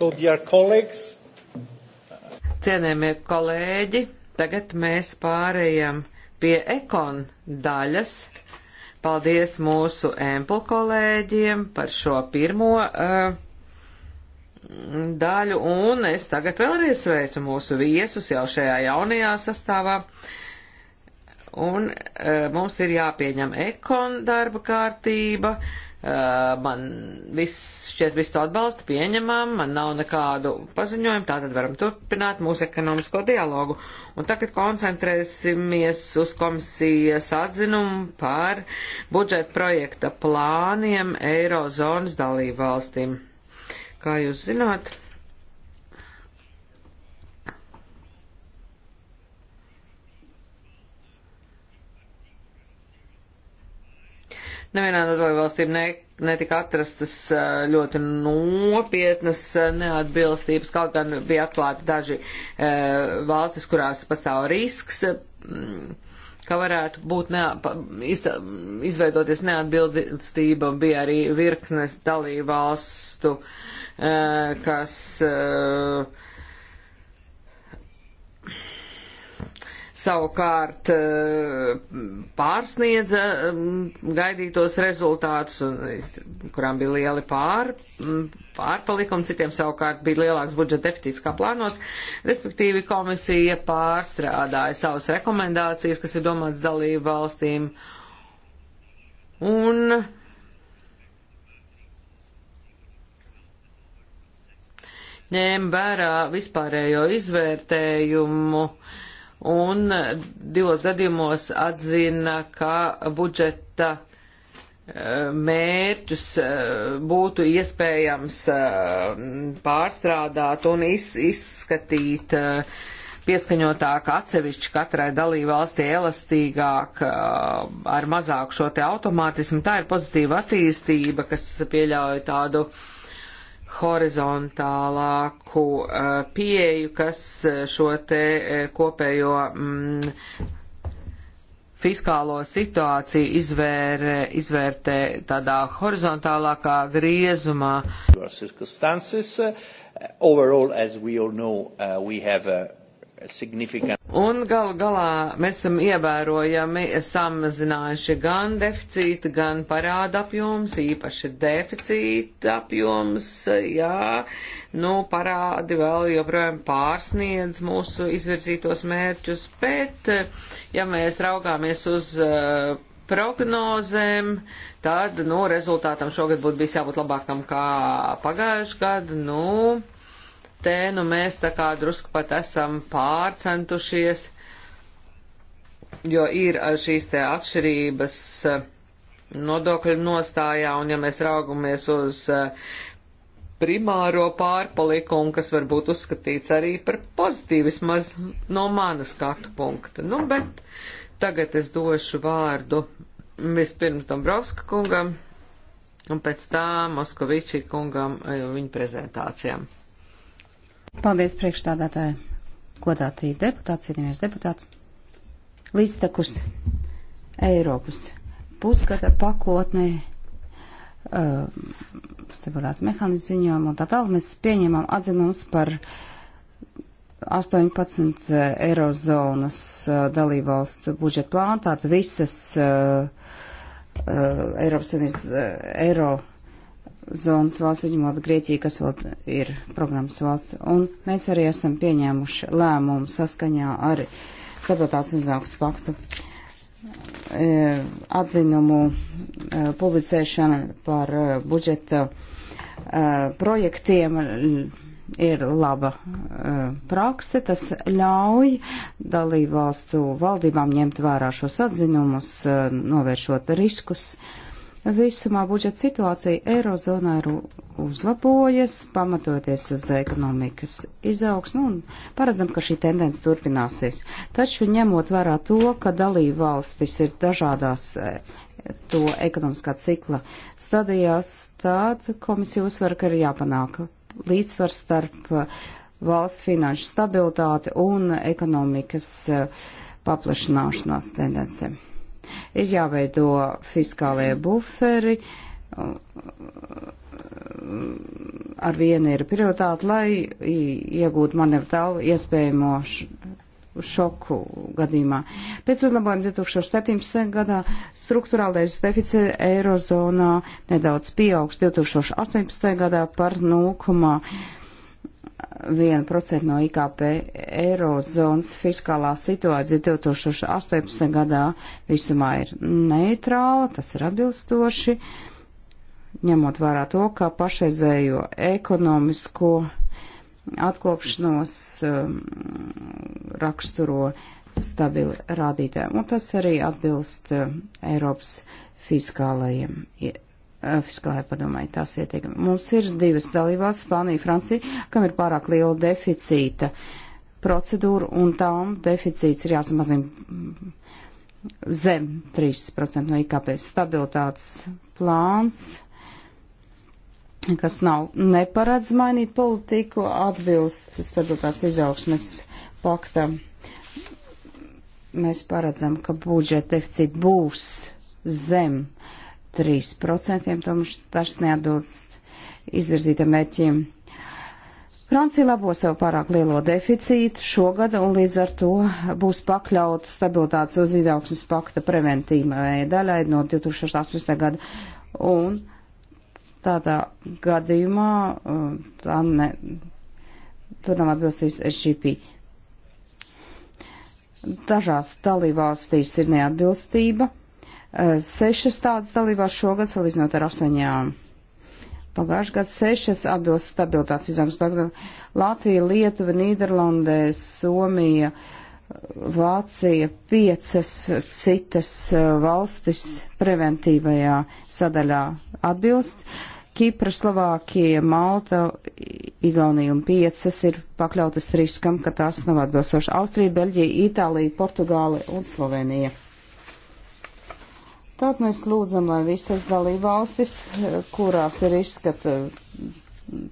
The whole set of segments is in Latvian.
So, dear colleagues. Cienējamie kolēģi, tagad mēs pārējām pie ekon daļas. Paldies mūsu Emplu kolēģiem par šo pirmo uh, daļu, un es tagad vēlreiz sveicu mūsu viesus jau šajā jaunajā sastāvā. Un uh, mums ir jāpieņem ekon darba kārtība. Uh, Eh, man viss šķiet visu to atbalsta, pieņemam, man nav nekādu paziņojumu, tātad varam turpināt mūsu ekonomisko dialogu. Un tagad koncentrēsimies uz komisijas atzinumu par budžeta projekta plāniem Eirozonas dalību valstīm. Kā jūs zināt, Nevienā no dalībvalstīm ne, netika atrastas ļoti nopietnas neatbilstības, kaut gan bija atklāti daži valstis, kurās pastāv risks ka varētu būt ne, iz, izveidoties neatbildība, bija arī virknes dalībvalstu, kas savukārt eh, pārsniedza mm, gaidītos rezultātus, kurām bija lieli pār, mm, pārpalikumi, citiem savukārt bija lielāks budžeta deficīts kā plānots, respektīvi komisija pārstrādāja savas rekomendācijas, kas ir domāts dalību valstīm. Un ņēma vērā vispārējo izvērtējumu uh, un divos gadījumos atzina, ka budžeta e, mērķus e, būtu iespējams e, pārstrādāt un izskatīt pieskaņotāk atsevišķi katrai dalībvalstī elastīgāk ar mazāku šo te automātismu. Tā ir pozitīva attīstība, kas pieļauj tādu uh, horizontālāku eh, pieeju, kas eh, šo te eh, kopējo mm, fiskālo situāciju izvērē, izvērtē tādā horizontālākā griezumā. Overall, as we all know, uh, we have a Un gal galā mēs esam ievērojami samazinājuši gan deficīta, gan parāda apjoms, īpaši deficīta apjoms, jā, nu parādi vēl joprojām pārsniedz mūsu izvirzītos mērķus, bet ja mēs raugāmies uz uh, prognozēm, tad, nu, rezultātam šogad būtu bijis jābūt labākam kā pagājuši gadu, nu te nu mēs tā kā drusku pat esam pārcentušies, jo ir eh, šīs te atšķirības eh, nodokļu nostājā, un ja mēs raugamies uz eh, primāro pārpalikumu, kas varbūt uzskatīts arī par pozitīvu, vismaz no mana skatu punkta. Nu, bet tagad es došu vārdu vispirms Dombrovska kungam, un pēc tā Moskovičī kungam viņa prezentācijām. Paldies priekšstādātāji, godātī deputāts, cienījamies deputāts. Līdztekus Eiropas pusgada pakotnē uh, stabilitātes mehānismu ziņojumu un tā tālāk mēs pieņemam atzinums par 18 Eirozonas uh, dalībvalstu budžetu plānu, tātad visas uh, uh, Eiropas Savienības uh, Eiro zonas valsts, izņemot Grieķiju, kas vēl ir programmas valsts. Un mēs arī esam pieņēmuši lēmumu saskaņā ar stabilitātes un zāks paktu e, atzinumu e, publicēšana par e, budžeta projektiem ir laba prakse. Tas ļauj dalībvalstu valdībām ņemt vērā šos atzinumus, novēršot riskus. Uh, Visumā budžeta situācija Eirozonā ir uzlabojies, pamatoties uz ekonomikas izaugsmu, un paredzam, ka šī tendence turpināsies. Taču ņemot vērā to, ka dalība valstis ir dažādās e, to ekonomiskā cikla stadijās, tad komisija uzsver, ka ir jāpanāk līdzsvars starp e, valsts finanšu stabilitāti un ekonomikas e, paplašināšanās tendencēm. Ir jāveido fiskālie buferi, ar vienu ir prioritāte, lai iegūtu manevru tālu iespējamo šoku gadījumā. Pēc uzlabojuma 2017. gadā struktūrālais deficīts eirozonā nedaudz pieaugs 2018. gadā par 0,5 1% no IKP Eirozonas fiskālā situācija 2018. gadā visumā ir neitrāla, tas ir atbilstoši, ņemot vērā to, ka pašreizējo ekonomisko atkopšanos um, raksturo stabili rādītāji, un tas arī atbilst um, Eiropas fiskālajiem Eh, fiskālajai padomai tās ieteikumi. Mums ir divas dalībās, Spānija, Francija, kam ir pārāk liela deficīta procedūra, un tām deficīts ir jāsamazina zem 3% no IKP stabilitātes plāns, kas nav neparedz mainīt politiku, atbilst stabilitātes izaugsmes paktam. Mēs paredzam, ka budžeta deficīti būs zem 3% 3%, tomēr tas neatbilst izvirzītam mērķim. Francija labo sev pārāk lielo deficītu šogad un līdz ar to būs pakļauta stabilitātes uz izaugsmas pakta preventīvai daļai no 2018. gada. Un tādā gadījumā tam um, ne, tur nav atbilstības SGP. Dažās dalībvalstīs ir neatbilstība Eh, sešas tādas dalībās šogad, salīdzinot ar astoņām. Pagājušajā gadā sešas atbilst stabilitātes izaugsmas paktam. Latvija, Lietuva, Nīderlandē, Somija, Vācija, piecas citas eh, valstis preventīvajā sadaļā atbilst. Kipra, Slovākija, Malta, Igaunija un piecas ir pakļautas riskam, ka tās nav atbilstošas. Austrija, Beļģija, Itālija, Portugāla un Slovenija. Tad mēs lūdzam, lai visas dalībvalstis, eh, kurās ir izskata eh,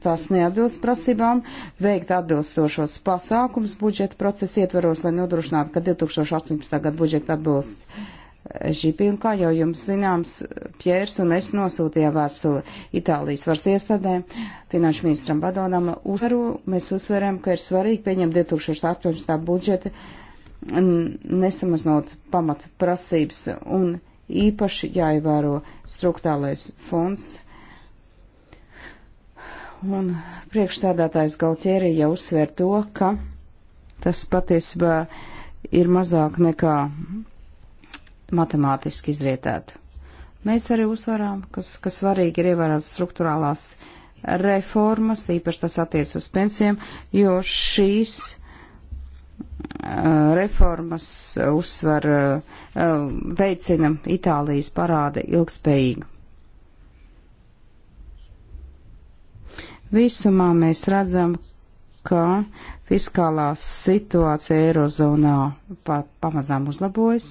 tās neatbilst prasībām, veikt atbilstošos pasākums budžeta procesa ietveros, lai nodrošinātu, ka 2018. gada budžeta atbilst GP. Un kā jau jums zināms, Pjērs un es nosūtījām vēstuli Itālijas varas iestādēm, finanšu ministram Badonam, uzsveru, mēs uzsveram, ka ir svarīgi pieņemt 2018. budžeta nesamaznot pamat prasības un īpaši jāievēro struktūrālais fonds. Un priekšsēdētājs Galtieri jau uzsver to, ka tas patiesībā ir mazāk nekā matemātiski izrietētu. Mēs arī uzvarām, kas, kas svarīgi ir ievērot struktūrālās reformas, īpaši tas attiec uz pensijām, jo šīs Eh, reformas eh, uzsver eh, veicina Itālijas parāda ilgspējīgu. Visumā mēs redzam, ka fiskālā situācija Eirozonā pa, pamazām uzlabojas.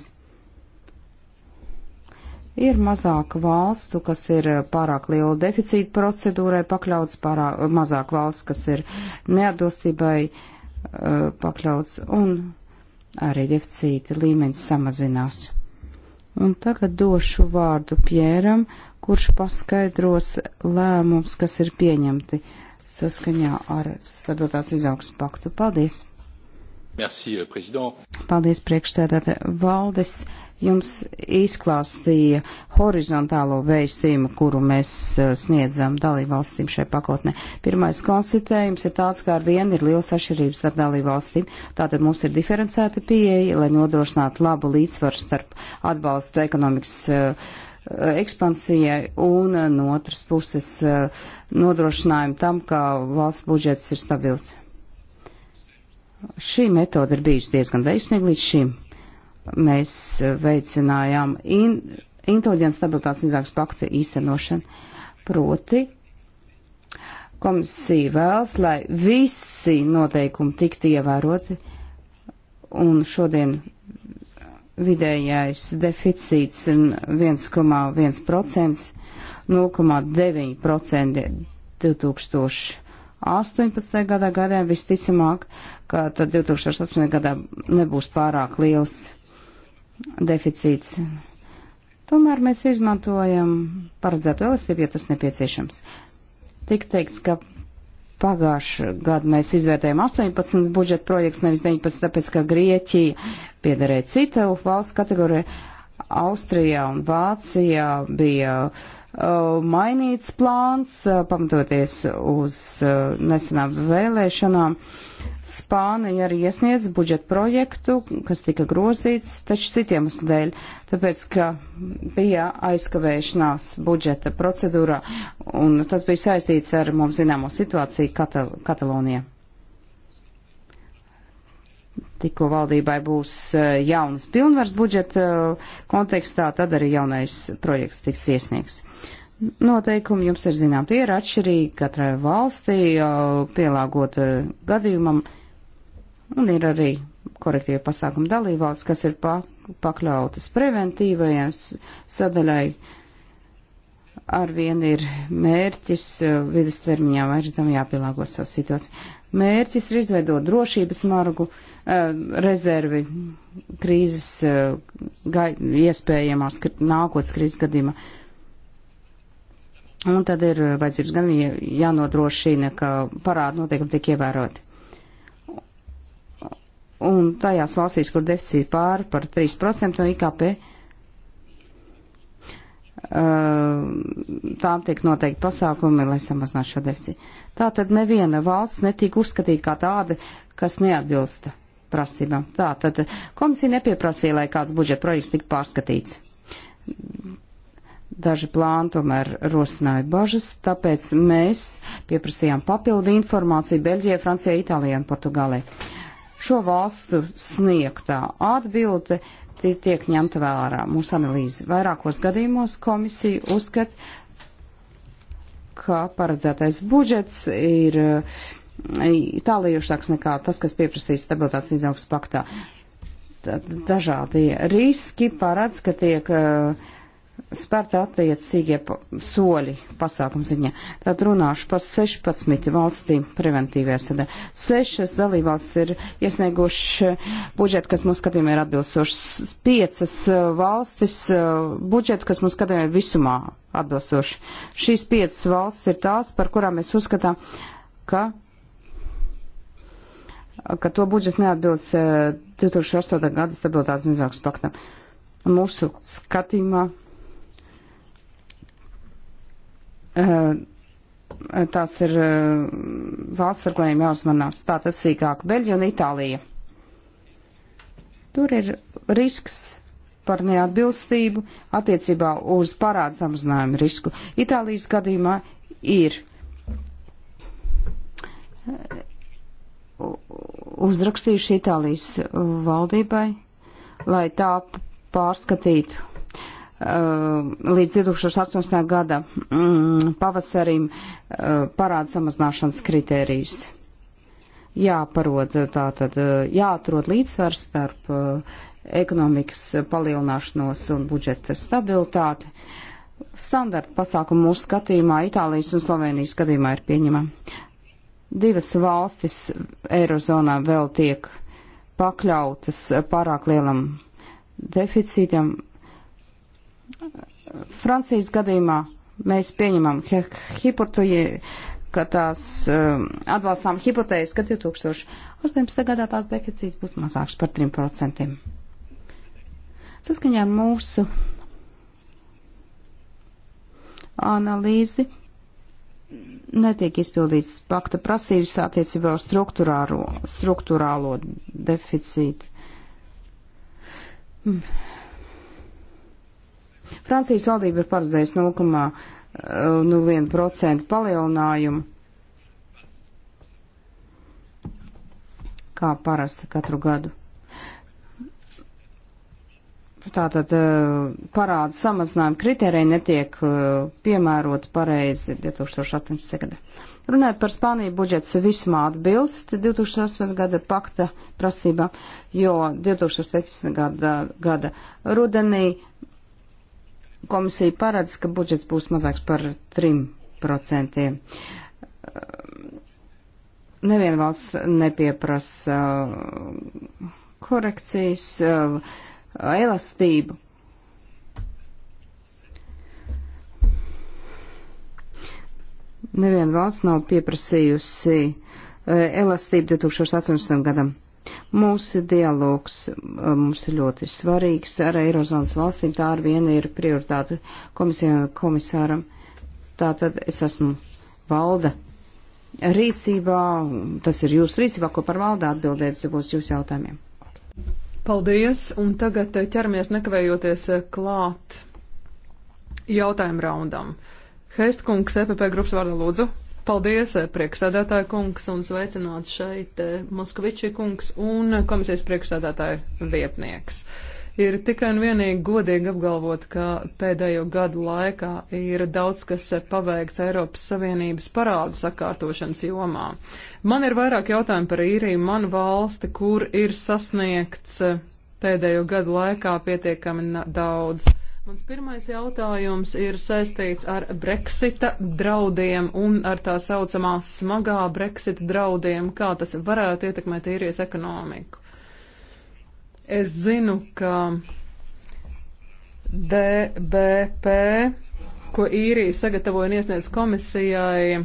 Ir mazāk valstu, kas ir pārāk liela deficīta procedūrai pakļauts, pārāk, mazāk valsts, kas ir neatbilstībai uh, Uh, pakļauts un arī deficīta līmeņs samazinās. Un tagad došu vārdu Pjēram, kurš paskaidros lēmums, kas ir pieņemti saskaņā ar stabilitātes izaugs paktu. Paldies! Merci, euh, prezident! Paldies, priekšsēdētāji! Valdes jums izklāstīja horizontālo vēstījumu, kuru mēs eh, sniedzam dalībvalstīm šai pakotnē. Pirmais konstatējums ir tāds, ka ar vienu ir liels atšķirības starp dalībvalstīm. Tātad mums ir diferencēta pieeja, lai nodrošinātu labu līdzsvaru starp atbalstu ekonomikas uh, ekspansijai un eh, no otras puses uh, nodrošinājumu tam, ka valsts budžets ir stabils. Šī metode ir bijusi diezgan veiksmīga līdz šim Mēs veicinājām in, inteliģents stabilitātes izāks paktu īstenošanu. Proti, komisija vēlas, lai visi noteikumi tiktu ievēroti, un šodien vidējais deficīts ir 1,1%, 0,9% 2018. gadā gadiem visticamāk, ka tad 2018. gadā nebūs pārāk liels deficīts. Tomēr mēs izmantojam paredzētu elastību, ja tas nepieciešams. Tik teiks, ka pagājušā gada mēs izvērtējām 18 budžeta projekts, nevis 19, tāpēc, ka Grieķija piederēja citu valsts kategoriju. Austrijā un Vācijā bija uh, Uh, mainīts plāns, uh, pamatoties uz uh, nesenām vēlēšanām. Spānija arī iesniedz budžeta projektu, kas tika grozīts, taču citiem dēļ, tāpēc, ka bija aizkavēšanās budžeta procedūrā, un tas bija saistīts ar mums zināmo situāciju Katal Katalonijā tikko valdībai būs e, jaunas pilnvars budžeta e, kontekstā, tad arī jaunais projekts tiks iesniegs. Noteikumi jums ir zinām, tie ir atšķirīgi katrai valstī, e, pielāgot gadījumam, un ir arī korektīva pasākuma dalībvalsts, kas ir pa, pakļautas preventīvajai sadaļai arvien ir mērķis eh, vidustermiņā, vai arī tam jāpielāgo savu situāciju. Mērķis ir izveidot drošības margu eh, rezervi krīzes eh, gai, iespējamās nākotnes krīzes gadījumā. Un tad ir vajadzības gan jānodrošina, ka parāda noteikumi tiek ievēroti. Un tajās valstīs, kur deficīti pāri par 3% no IKP, Ehm, tām tiek noteikti pasākumi, lai samazinātu šo deficītu. Tā tad neviena valsts netiek uzskatīta kā tāda, kas neatbilsta prasībām. Tā tad komisija nepieprasīja, lai kāds budžeta projekts tiktu pārskatīts. Daži plāni tomēr rosināja bažas, tāpēc mēs pieprasījām papildu informāciju Beļģijai, Francijai, Itālijai un Portugālei. Šo valstu sniegtā atbilde tie tiek ņemta vērā mūsu analīze. Vairākos gadījumos komisija uzskata, ka paredzētais budžets ir e, tālējušāks nekā tas, kas pieprasīts stabilitātes izaugs paktā. Dažādi riski paredz, ka tiek uh, spērta attiecīgie soļi pasākums ziņā. Tad runāšu par 16 valstīm preventīvajā sadē. Sešas dalībvalstis ir iesnieguši budžetu, kas mums skatījumā ir atbilstoši. Piecas eh, valstis eh, budžetu, kas mums skatījumā ir visumā atbilstoši. Šīs piecas valstis ir tās, par kurām mēs uzskatām, ka ka to budžets neatbilst 2008. Eh, gada stabilitātes izaugsmes paktam. Mūsu skatījumā Eh, tās ir eh, valsts, ar kuriem jāuzmanās. Tā tas sīkāk - Beļģija un Itālija. Tur ir risks par neatbilstību attiecībā uz parādu samazinājumu risku. Itālijas gadījumā ir eh, uzrakstījuši Itālijas valdībai, lai tā pārskatītu Uh, līdz 2018. gada mm, pavasarim uh, parāda samazināšanas kritērijus. Jāparod uh, tātad, jāatrod līdzsvars starp ekonomikas palielināšanos un budžeta stabilitāti. Standarta pasākuma mūsu skatījumā, Itālijas un Slovenijas skatījumā ir pieņemama. Divas valstis Eirozonā vēl tiek pakļautas pārāk lielam deficītam, Francijas gadījumā mēs pieņemam hipoteju, ka tās um, atbalstām hipotēzes, ka 2018. gadā tās deficīts būs mazāks par 3%. Saskaņā ar mūsu analīzi netiek izpildīts pakta prasības attiecībā uz struktūrālo deficītu. Mm Francijas valdība ir paredzējusi 0,01% eh, nu, palielinājumu. Kā parasti katru gadu. Tātad eh, parāda samazinājuma kriterija netiek eh, piemērota pareizi 2018. gada. Runājot par Spāniju, budžets visumā atbilst 2008. gada pakta prasībām, jo 2017. gada, gada rudenī komisija paredz, ka budžets būs mazāks par 3%. Neviena valsts nepieprasa uh, korekcijas, uh, elastību. Neviena valsts nav pieprasījusi uh, elastību 2018. gadam. Mūsu dialogs uh, mums ir ļoti svarīgs ar Eirozonas valstīm, tā ar vienu ir prioritāte komisijā komisāram. Tātad es esmu valda rīcībā, tas ir jūsu rīcībā, ko par valda atbildēt, ja būs jūsu jautājumiem. Paldies, un tagad uh, ķeramies nekavējoties uh, klāt jautājumu raundam. Heistkungs, EPP grupas vārdā lūdzu. Paldies, eh, priekšsēdētāja kungs, un sveicināt šeit eh, Moskviči kungs un komisijas priekšsēdētāja vietnieks. Ir tikai un vienīgi godīgi apgalvot, ka pēdējo gadu laikā ir daudz kas eh, paveikts Eiropas Savienības parādu sakārtošanas jomā. Man ir vairāk jautājumu par īriju, manu valsti, kur ir sasniegts pēdējo gadu laikā pietiekami daudz Mans pirmais jautājums ir saistīts ar Brexita draudiem un ar tā saucamā smagā Brexita draudiem, kā tas varētu ietekmēt īrijas ekonomiku. Es zinu, ka DBP, ko īrija sagatavoja un iesniedz komisijai,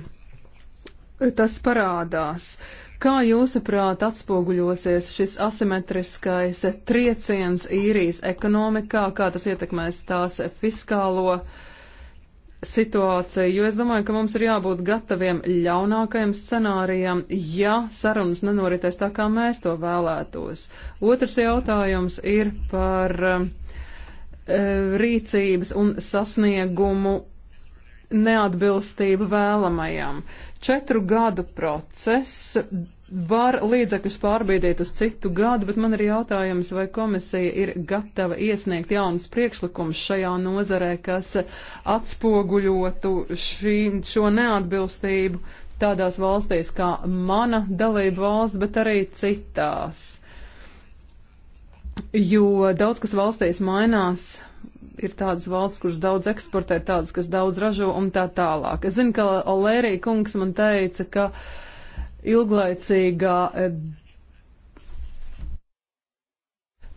tas parādās. Uh, Kā jūsuprāt atspoguļosies šis asimetriskais trieciens īrijas ekonomikā, kā tas ietekmēs tās fiskālo situāciju? Jo es domāju, ka mums ir jābūt gataviem ļaunākajam scenārijam, ja sarunas nenoritēs tā, kā mēs to vēlētos. Otrs jautājums ir par eh, rīcības un sasniegumu neatbilstība vēlamajam. Četru gadu process var līdzekļus pārbīdīt uz citu gadu, bet man ir jautājums, vai komisija ir gatava iesniegt jaunas priekšlikumus šajā nozarē, kas atspoguļotu šī, šo neatbilstību tādās valstīs kā mana dalība valsts, bet arī citās. Jo daudz kas valstīs mainās, ir tādas valsts, kuras daudz eksportē, tādas, kas daudz ražo un tā tālāk. Es zinu, ka Olērija kungs man teica, ka ilglaicīgā e,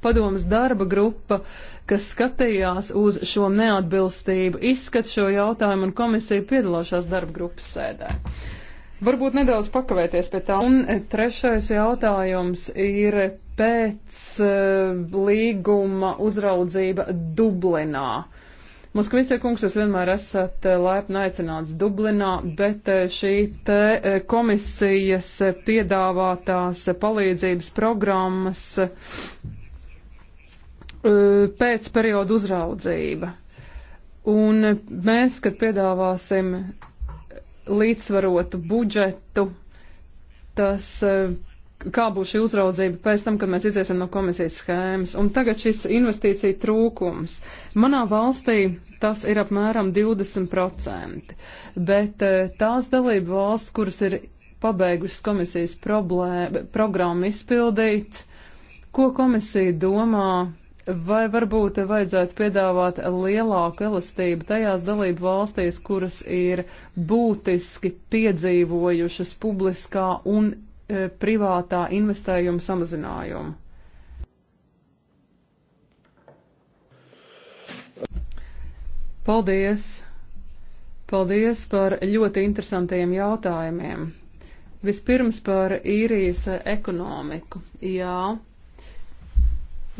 padomas darba grupa, kas skatījās uz šo neatbilstību, izskat šo jautājumu un komisija piedalās darba grupas sēdē. Uh, varbūt nedaudz pakavēties pie tā. Un eh, trešais jautājums ir pēc eh, līguma uzraudzība Dublinā. Moskvice kungs, jūs vienmēr esat eh, laipni aicināts Dublinā, bet šī te komisijas piedāvātās palīdzības programmas pēc perioda uzraudzība. Un mēs, kad piedāvāsim līdzsvarotu budžetu, tas, eh, kā būs šī uzraudzība pēc tam, kad mēs iziesim no komisijas schēmas. Un tagad šis investīcija trūkums. Manā valstī tas ir apmēram 20%, bet eh, tās dalību valsts, kuras ir pabeigušas komisijas problēma, programmu izpildīt, ko komisija domā Vai varbūt vajadzētu piedāvāt lielāku elastību tajās dalību valstīs, kuras ir būtiski piedzīvojušas publiskā un e, privātā investējuma samazinājumu? Paldies! Paldies par ļoti interesantiem jautājumiem. Vispirms par īrijas ekonomiku. Jā,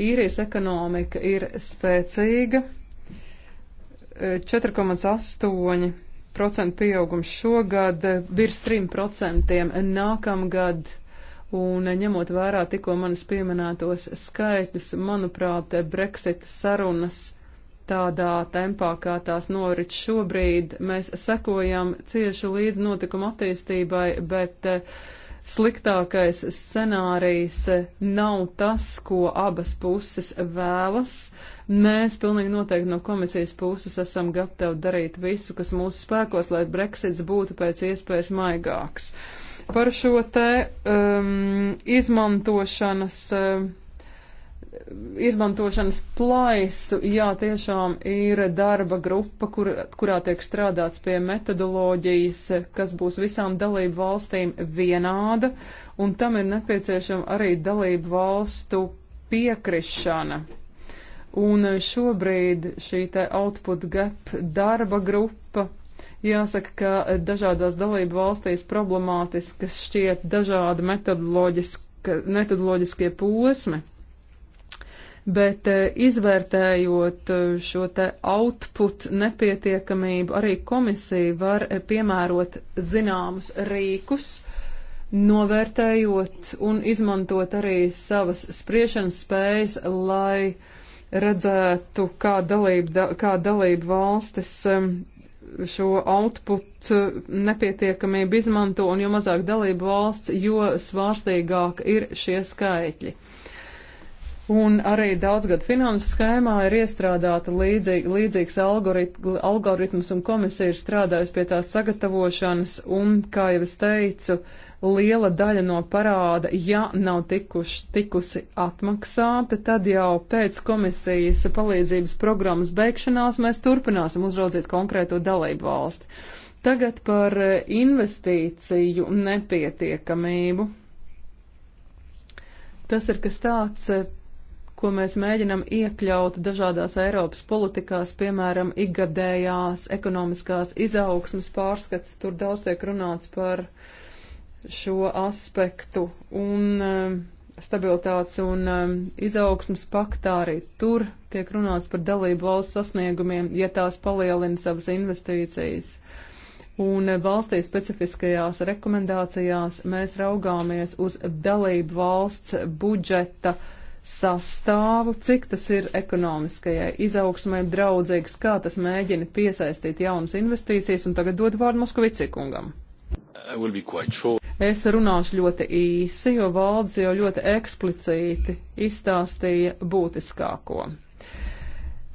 Īrijas ekonomika ir spēcīga. 4,8% e, pieaugums šogad, virs 3% nākamgad. Un ņemot vērā tikko manis pieminētos skaitļus, manuprāt, Brexit sarunas tādā tempā, kā tās norit šobrīd, mēs sekojam cieši līdz notikuma attīstībai, bet uh, sliktākais scenārijs nav tas, ko abas puses vēlas. Mēs pilnīgi noteikti no komisijas puses esam gatavi darīt visu, kas mūsu spēkos, lai Brexits būtu pēc iespējas maigāks. Par šo te um, izmantošanas. Um, izmantošanas plaisu, jā, tiešām ir darba grupa, kur, kurā tiek strādāts pie metodoloģijas, kas būs visām dalību valstīm vienāda, un tam ir nepieciešama arī dalību valstu piekrišana. Un šobrīd šī te output gap darba grupa, jāsaka, ka dažādās dalību valstīs problemātiskas šķiet dažādi metodoloģiskie posmi bet eh, izvērtējot eh, šo te output nepietiekamību, arī komisija var eh, piemērot zināmus rīkus, novērtējot un izmantot arī savas spriešanas spējas, lai redzētu, kā dalība, kā dalība valstis šo output nepietiekamību izmanto, un jo mazāk dalību valsts, jo svārstīgāk ir šie skaitļi. Un arī daudzgadu finanses schēmā ir iestrādāta līdzīgi, līdzīgs algoritms, un komisija ir strādājusi pie tās sagatavošanas, un, kā jau es teicu, liela daļa no parāda, ja nav tikuši, tikusi atmaksāta, tad jau pēc komisijas palīdzības programmas beigšanās mēs turpināsim uzraudzīt konkrēto dalību valsti. Tagad par investīciju nepietiekamību. Tas ir kas tāds, ko mēs mēģinam iekļaut dažādās Eiropas politikās, piemēram, ikgadējās ekonomiskās izaugsmas pārskats. Tur daudz tiek runāts par šo aspektu un eh, stabilitātes un eh, izaugsmas paktā arī tur tiek runāts par dalību valsts sasniegumiem, ja tās palielina savas investīcijas. Un eh, valstī specifiskajās rekomendācijās mēs raugāmies uz dalību valsts budžeta uh, sastāvu, cik tas ir ekonomiskajai izaugsmai draudzīgs, kā tas mēģina piesaistīt jaunas investīcijas, un tagad dod vārdu Moskvicikungam. Es runāšu ļoti īsi, jo valdes jau ļoti eksplicīti izstāstīja būtiskāko.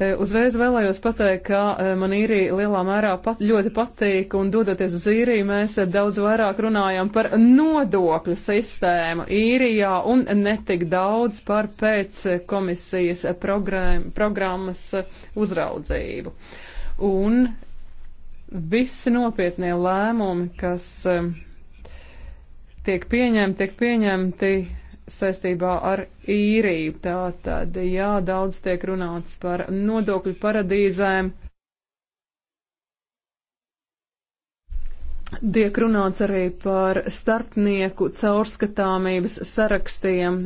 E, uzreiz vēlējos pateikt, ka e, man īrija lielā mērā pat, ļoti patīk, un dodoties uz īriju, mēs daudz vairāk runājam par nodokļu sistēmu īrijā un netik daudz par pēc komisijas program, programmas uzraudzību. Un visi nopietnie lēmumi, kas e, tiek pieņemti, tiek pieņemti saistībā ar īriju. Tātad, jā, daudz tiek runāts par nodokļu paradīzēm. Tiek runāts arī par starpnieku caurskatāmības sarakstiem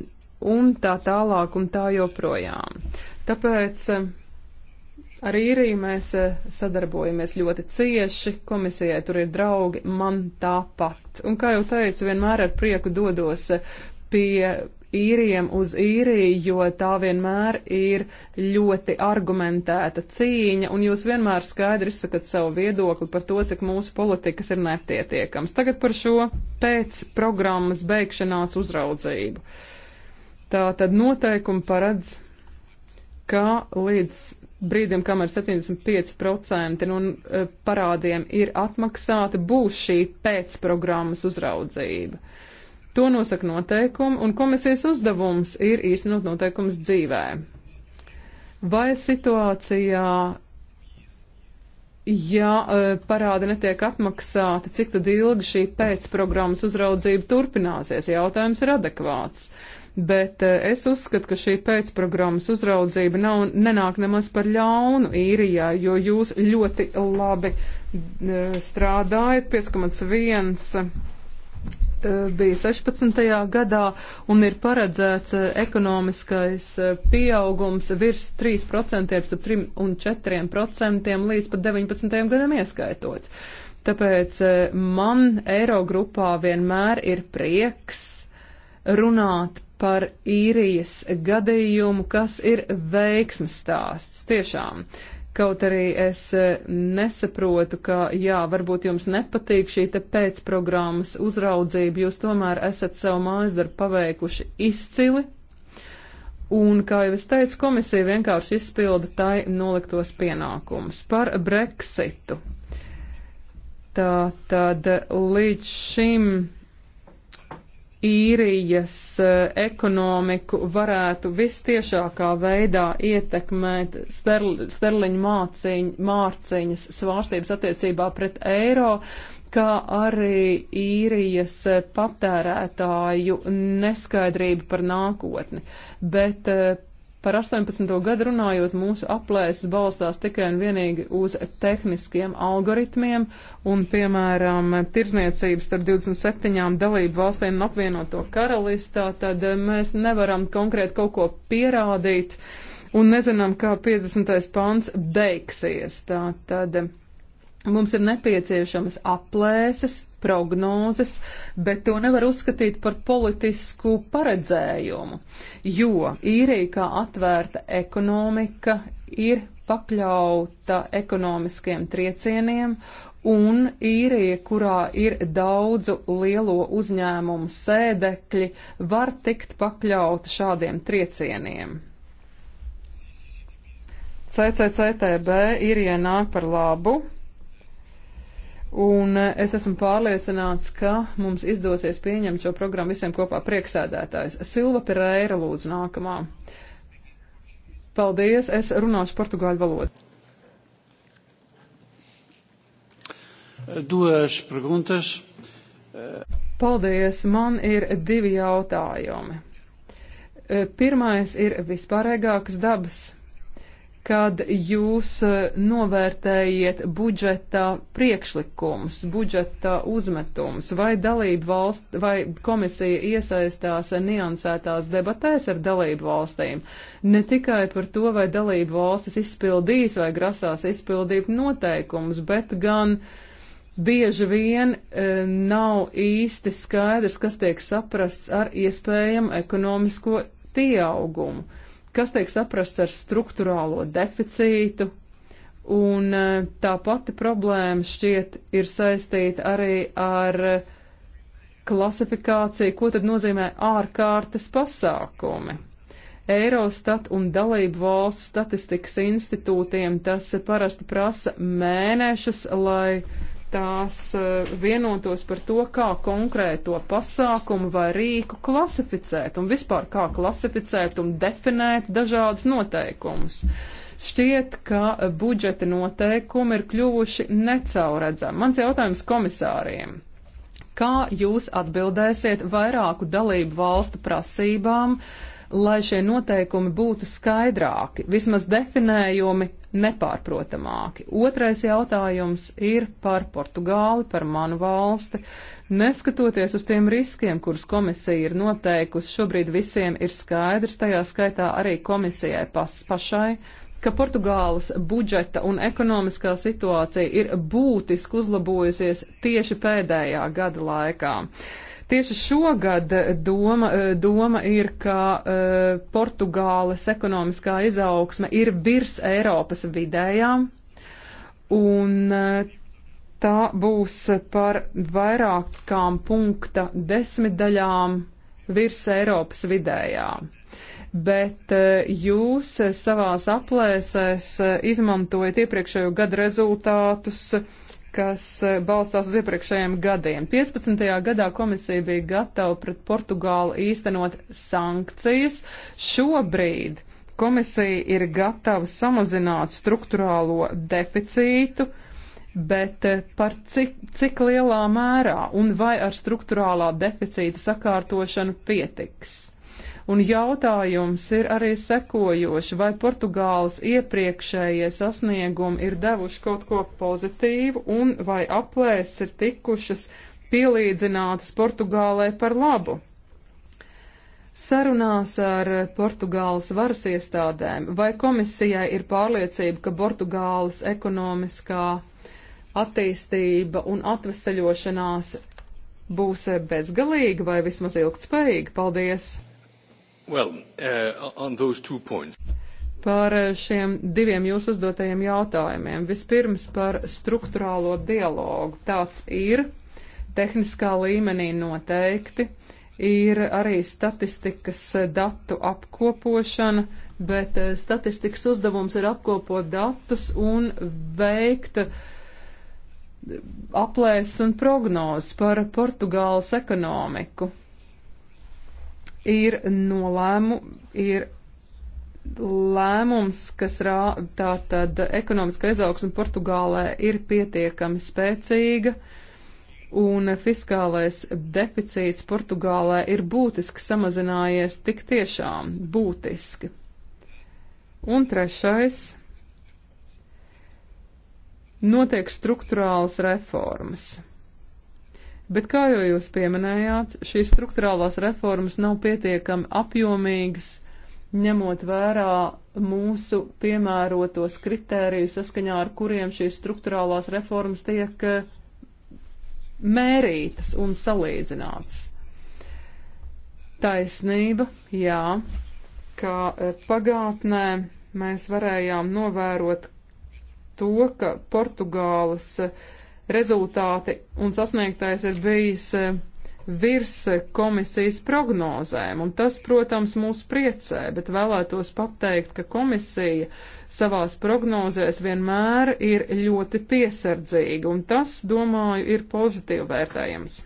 un tā tālāk un tā joprojām. Tāpēc eh, ar īriju mēs eh, sadarbojamies ļoti cieši, komisijai tur ir draugi, man tāpat. Un kā jau teicu, vienmēr ar prieku dodos eh, pie īriem uz īriju, jo tā vienmēr ir ļoti argumentēta cīņa, un jūs vienmēr skaidri izsakat savu viedokli par to, cik mūsu politikas ir nepietiekams. Tagad par šo pēc programmas beigšanās uzraudzību. Tā tad noteikumi paredz, ka līdz brīdim, kamēr 75% no e, parādiem ir atmaksāti, būs šī pēcprogrammas uzraudzība. Uh, To nosaka noteikumi, un komisijas uzdevums ir īstenot noteikumus dzīvē. Vai situācijā, ja e, parādi netiek apmaksāti, cik tad ilgi šī pēcprogrammas uzraudzība turpināsies, jautājums ir adekvāts. Bet e, es uzskatu, ka šī pēcprogrammas uzraudzība nav, nenāk nemaz par ļaunu īrijā, jo jūs ļoti labi e, strādājat 5,1 Eh, bija 16. gadā un ir paredzēts eh, ekonomiskais eh, pieaugums virs 3%, ap 3 un 4% līdz pat 19. gadam ieskaitot. Tāpēc man Eirogrupā vienmēr ir prieks runāt par īrijas gadījumu, kas ir veiksmes stāsts tiešām. Uh, Kaut arī es e, nesaprotu, ka, jā, varbūt jums nepatīk šī te pēcprogrammas uzraudzība, jūs tomēr esat savu mājasdarbu paveikuši izcili. Un, kā jau es teicu, komisija vienkārši izpilda tai noliktos pienākumus par Brexitu. Tā tad līdz šim īrijas eh, ekonomiku varētu vistiešākā veidā ietekmēt sterl, sterliņu māciņ, mārciņas svārstības attiecībā pret eiro, kā arī īrijas patērētāju neskaidrību par nākotni. Bet eh, Par 18. gadu runājot, mūsu aplēses balstās tikai un vienīgi uz tehniskiem algoritmiem un, piemēram, tirzniecības ar 27 dalību valstīm un apvienoto karalistā, tad eh, mēs nevaram konkrēti kaut ko pierādīt un nezinām, kā 50. pants beigsies. Tā tad. Mums ir nepieciešamas aplēses, prognozes, bet to nevar uzskatīt par politisku paredzējumu, jo īrija kā atvērta ekonomika ir pakļauta ekonomiskiem triecieniem, un īrija, kurā ir daudzu lielo uzņēmumu sēdekļi, var tikt pakļauta šādiem triecieniem. CCCTB īrijai nāk par labu, Un eh, es esmu pārliecināts, ka mums izdosies pieņemt šo programmu visiem kopā prieksēdētājs. Silva Pereira lūdzu nākamā. Paldies, es runāšu portugāļu valodu. Duas perguntas. Paldies, man ir divi jautājumi. Eh, pirmais ir vispārējākas dabas kad jūs e, novērtējiet budžeta priekšlikums, budžeta uzmetums, vai dalību valsts, vai komisija iesaistās niansētās debatēs ar dalību valstīm, ne tikai par to, vai dalību valstis izpildīs vai grasās izpildīt noteikumus, bet gan bieži vien e, nav īsti skaidrs, kas tiek saprasts ar iespējamu ekonomisko pieaugumu kas tiek saprasts ar struktūrālo deficītu, un eh, tā pati problēma šķiet ir saistīta arī ar klasifikāciju, ko tad nozīmē ārkārtas pasākumi. Eirostat un dalību valstu statistikas institūtiem tas parasti prasa mēnešus, lai uh, tās eh, vienotos par to, kā konkrēto pasākumu vai rīku klasificēt un vispār kā klasificēt un definēt dažādas noteikumus. Šķiet, ka eh, budžeta noteikumi ir kļuvuši necauredzami. Mans jautājums komisāriem. Kā jūs atbildēsiet vairāku dalību valstu prasībām? Uh, lai šie noteikumi būtu skaidrāki, vismaz definējumi nepārprotamāki. Otrais jautājums ir par Portugāli, par manu valsti. Neskatoties uz tiem riskiem, kurus komisija ir noteikusi, šobrīd visiem ir skaidrs, tajā skaitā arī komisijai pas, pašai, ka Portugāles budžeta un ekonomiskā situācija ir būtiski uzlabojusies tieši pēdējā gada laikā. Uh, Tieši šogad eh, doma, eh, doma ir, ka uh, Portugāles ekonomiskā izaugsme ir virs Eiropas vidējām, un uh, tā būs par vairākām punkta desmitdaļām virs Eiropas vidējā. Bet jūs savās aplēsēs izmantojat iepriekšējo gadu rezultātus, uh, kas e, balstās uz iepriekšējiem gadiem. 15. gadā komisija bija gatava pret Portugālu īstenot sankcijas. Šobrīd komisija ir gatava samazināt struktūrālo deficītu, bet e, par cik, cik lielā mērā un vai ar struktūrālā deficīta sakārtošanu pietiks. Un jautājums ir arī sekojoši, vai Portugāles iepriekšējie sasniegumi ir devuši kaut ko pozitīvu un vai aplēses ir tikušas pielīdzinātas Portugālē par labu. Sarunās ar Portugāles varas iestādēm vai komisijai ir pārliecība, ka Portugāles ekonomiskā attīstība un atveseļošanās būs bezgalīga vai vismaz ilgtspējīga? Paldies! Well, uh, par uh, šiem diviem jūsu uzdotajiem jautājumiem. Vispirms par struktūrālo dialogu. Tāds ir tehniskā līmenī noteikti. Ir arī statistikas uh, datu apkopošana, bet uh, statistikas uzdevums ir apkopot datus un veikt aplēs un prognozes par Portugāles ekonomiku ir nolēmu, ir lēmums, kas rā, tā tad ekonomiska izaugsme Portugālē ir pietiekami spēcīga, un fiskālais deficīts Portugālē ir būtiski samazinājies tik tiešām būtiski. Un trešais. Notiek struktūrāls reformas. Bet, kā jau jūs pieminējāt, šīs struktūrālās reformas nav pietiekami apjomīgas, ņemot vērā mūsu piemērotos kritērijus, saskaņā ar kuriem šīs struktūrālās reformas tiek eh, mērītas un salīdzināts. Taisnība, jā, ka eh, pagātnē mēs varējām novērot to, ka Portugāles uh, rezultāti un sasniegtais ir bijis eh, virs eh, komisijas prognozēm, un tas, protams, mūs priecē, bet vēlētos pateikt, ka komisija savās prognozēs vienmēr ir ļoti piesardzīga, un tas, domāju, ir pozitīvi vērtējams.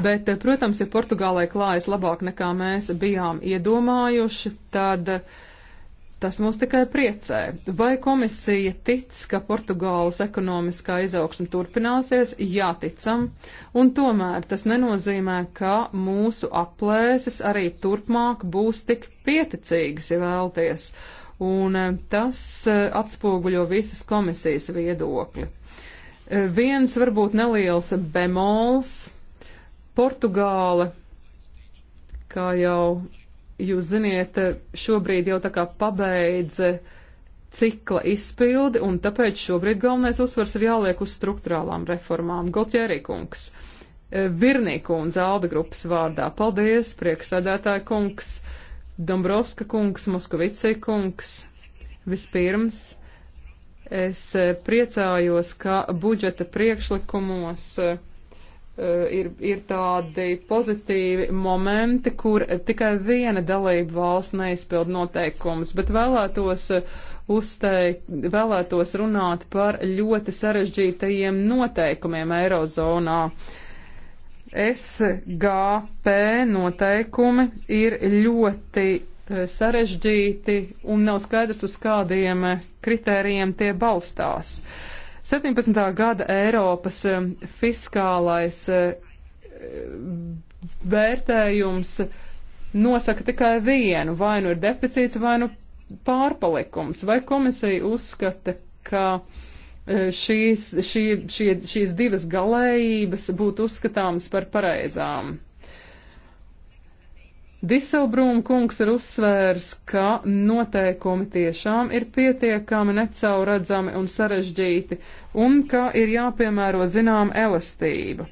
Bet, eh, protams, ja Portugālē klājas labāk nekā mēs bijām iedomājuši, tad uh, Tas mūs tikai priecē. Vai komisija tic, ka Portugāles ekonomiskā izaugsme turpināsies? Jā, ticam. Un tomēr tas nenozīmē, ka mūsu aplēses arī turpmāk būs tik pieticīgas, ja vēlties. Un eh, tas eh, atspoguļo visas komisijas viedokli. Eh, viens varbūt neliels bemols. Portugāle, kā jau jūs ziniet, šobrīd jau tā kā pabeidz cikla izpildi, un tāpēc šobrīd galvenais uzsvars ir jāliek uz struktūrālām reformām. Gotjerikungs, Virnīkundze Alda grupas vārdā, paldies, priekšsēdētāja kungs, Dombrovska kungs, Moskovici kungs. Vispirms es priecājos, ka budžeta priekšlikumos uh, Eh, ir, ir tādi pozitīvi momenti, kur tikai viena dalība valsts neizpild noteikumus, bet vēlētos eh, uzteikt, vēlētos runāt par ļoti sarežģītajiem noteikumiem Eirozonā. SGP noteikumi ir ļoti eh, sarežģīti un nav skaidrs, uz kādiem kritērijiem tie balstās. Uh, 17. gada Eiropas um, fiskālais uh, vērtējums nosaka tikai vienu, vai nu ir deficīts, vai nu pārpalikums, vai komisija uzskata, ka uh, šīs, šī, šie, šīs divas galējības būtu uzskatāmas par pareizām. Diselbrūm kungs ir uzsvērs, ka noteikumi tiešām ir pietiekami necauradzami un sarežģīti, un ka ir jāpiemēro zinām elastība.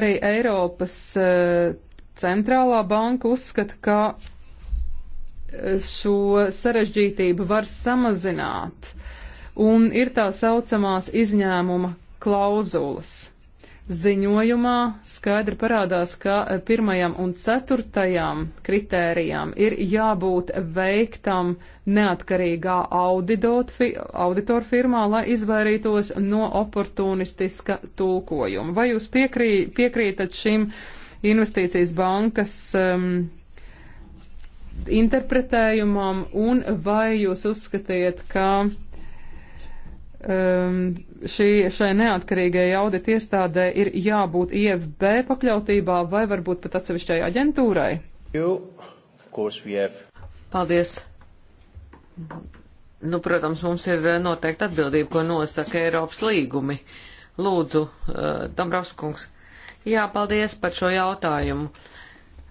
Arī Eiropas eh, centrālā banka uzskata, ka eh, šo sarežģītību var samazināt, un ir tā saucamās izņēmuma klauzulas. Ziņojumā skaidri parādās, ka pirmajam un ceturtajam kritērijam ir jābūt veiktam neatkarīgā auditoru firmā, lai izvairītos no oportunistiska tulkojuma. Vai jūs piekrī, piekrītat šim investīcijas bankas um, interpretējumam, un vai jūs uzskatiet, ka um, šī, šai neatkarīgajai audita iestādē ir jābūt IFB pakļautībā vai varbūt pat atsevišķai aģentūrai? Paldies. Nu, protams, mums ir noteikti atbildība, ko nosaka Eiropas līgumi. Lūdzu, uh, Dombrovskungs. Jā, paldies par šo jautājumu.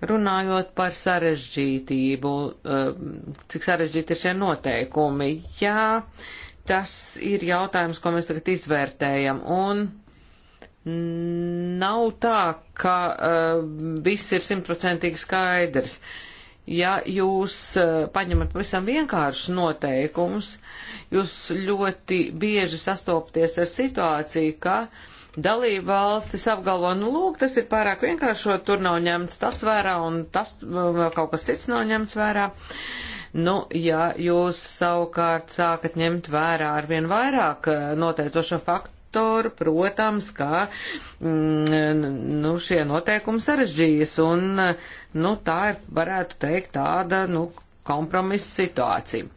Runājot par sarežģītību, uh, cik sarežģīti ir šie noteikumi. Jā. Uh, tas ir jautājums, ko mēs tagad izvērtējam. Un nav tā, ka uh, viss ir simtprocentīgi skaidrs. Ja jūs uh, paņemat pavisam vienkāršus noteikumus, jūs ļoti bieži sastopaties ar situāciju, ka dalība valstis apgalvo, nu lūk, tas ir pārāk vienkāršot, tur nav ņemts tas vērā un tas eh, vēl kaut kas cits nav ņemts vērā. Uh, Nu, ja jūs savukārt sākat ņemt vērā arvien vairāk eh, noteicošo faktu, faktoru, protams, kā mm, nu, šie noteikumi sarežģījas, un eh, nu, tā ir, varētu teikt, tāda nu, kompromisa situācija.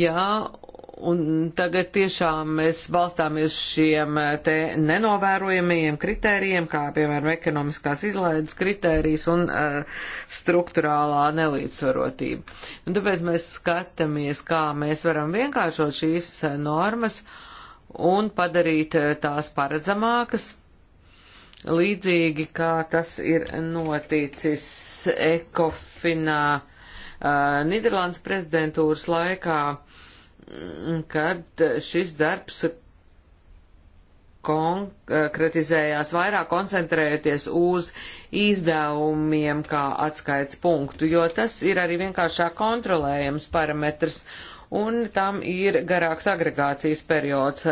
Jā, Un tagad tiešām mēs balstāmies šiem eh, te nenovērojamajiem kritērijiem, kā piemēram ekonomiskās izlaides kritērijas un uh, struktūrālā nelīdzsvarotība. Un tāpēc mēs skatāmies, kā mēs varam vienkāršot šīs eh, normas un padarīt tās paredzamākas, līdzīgi kā tas ir noticis ekofinā uh, Nīderlandes prezidentūras laikā kad šis darbs konkretizējās vairāk koncentrējoties uz izdevumiem kā atskaits punktu, jo tas ir arī vienkāršāk kontrolējams parametrs un tam ir garāks agregācijas periods,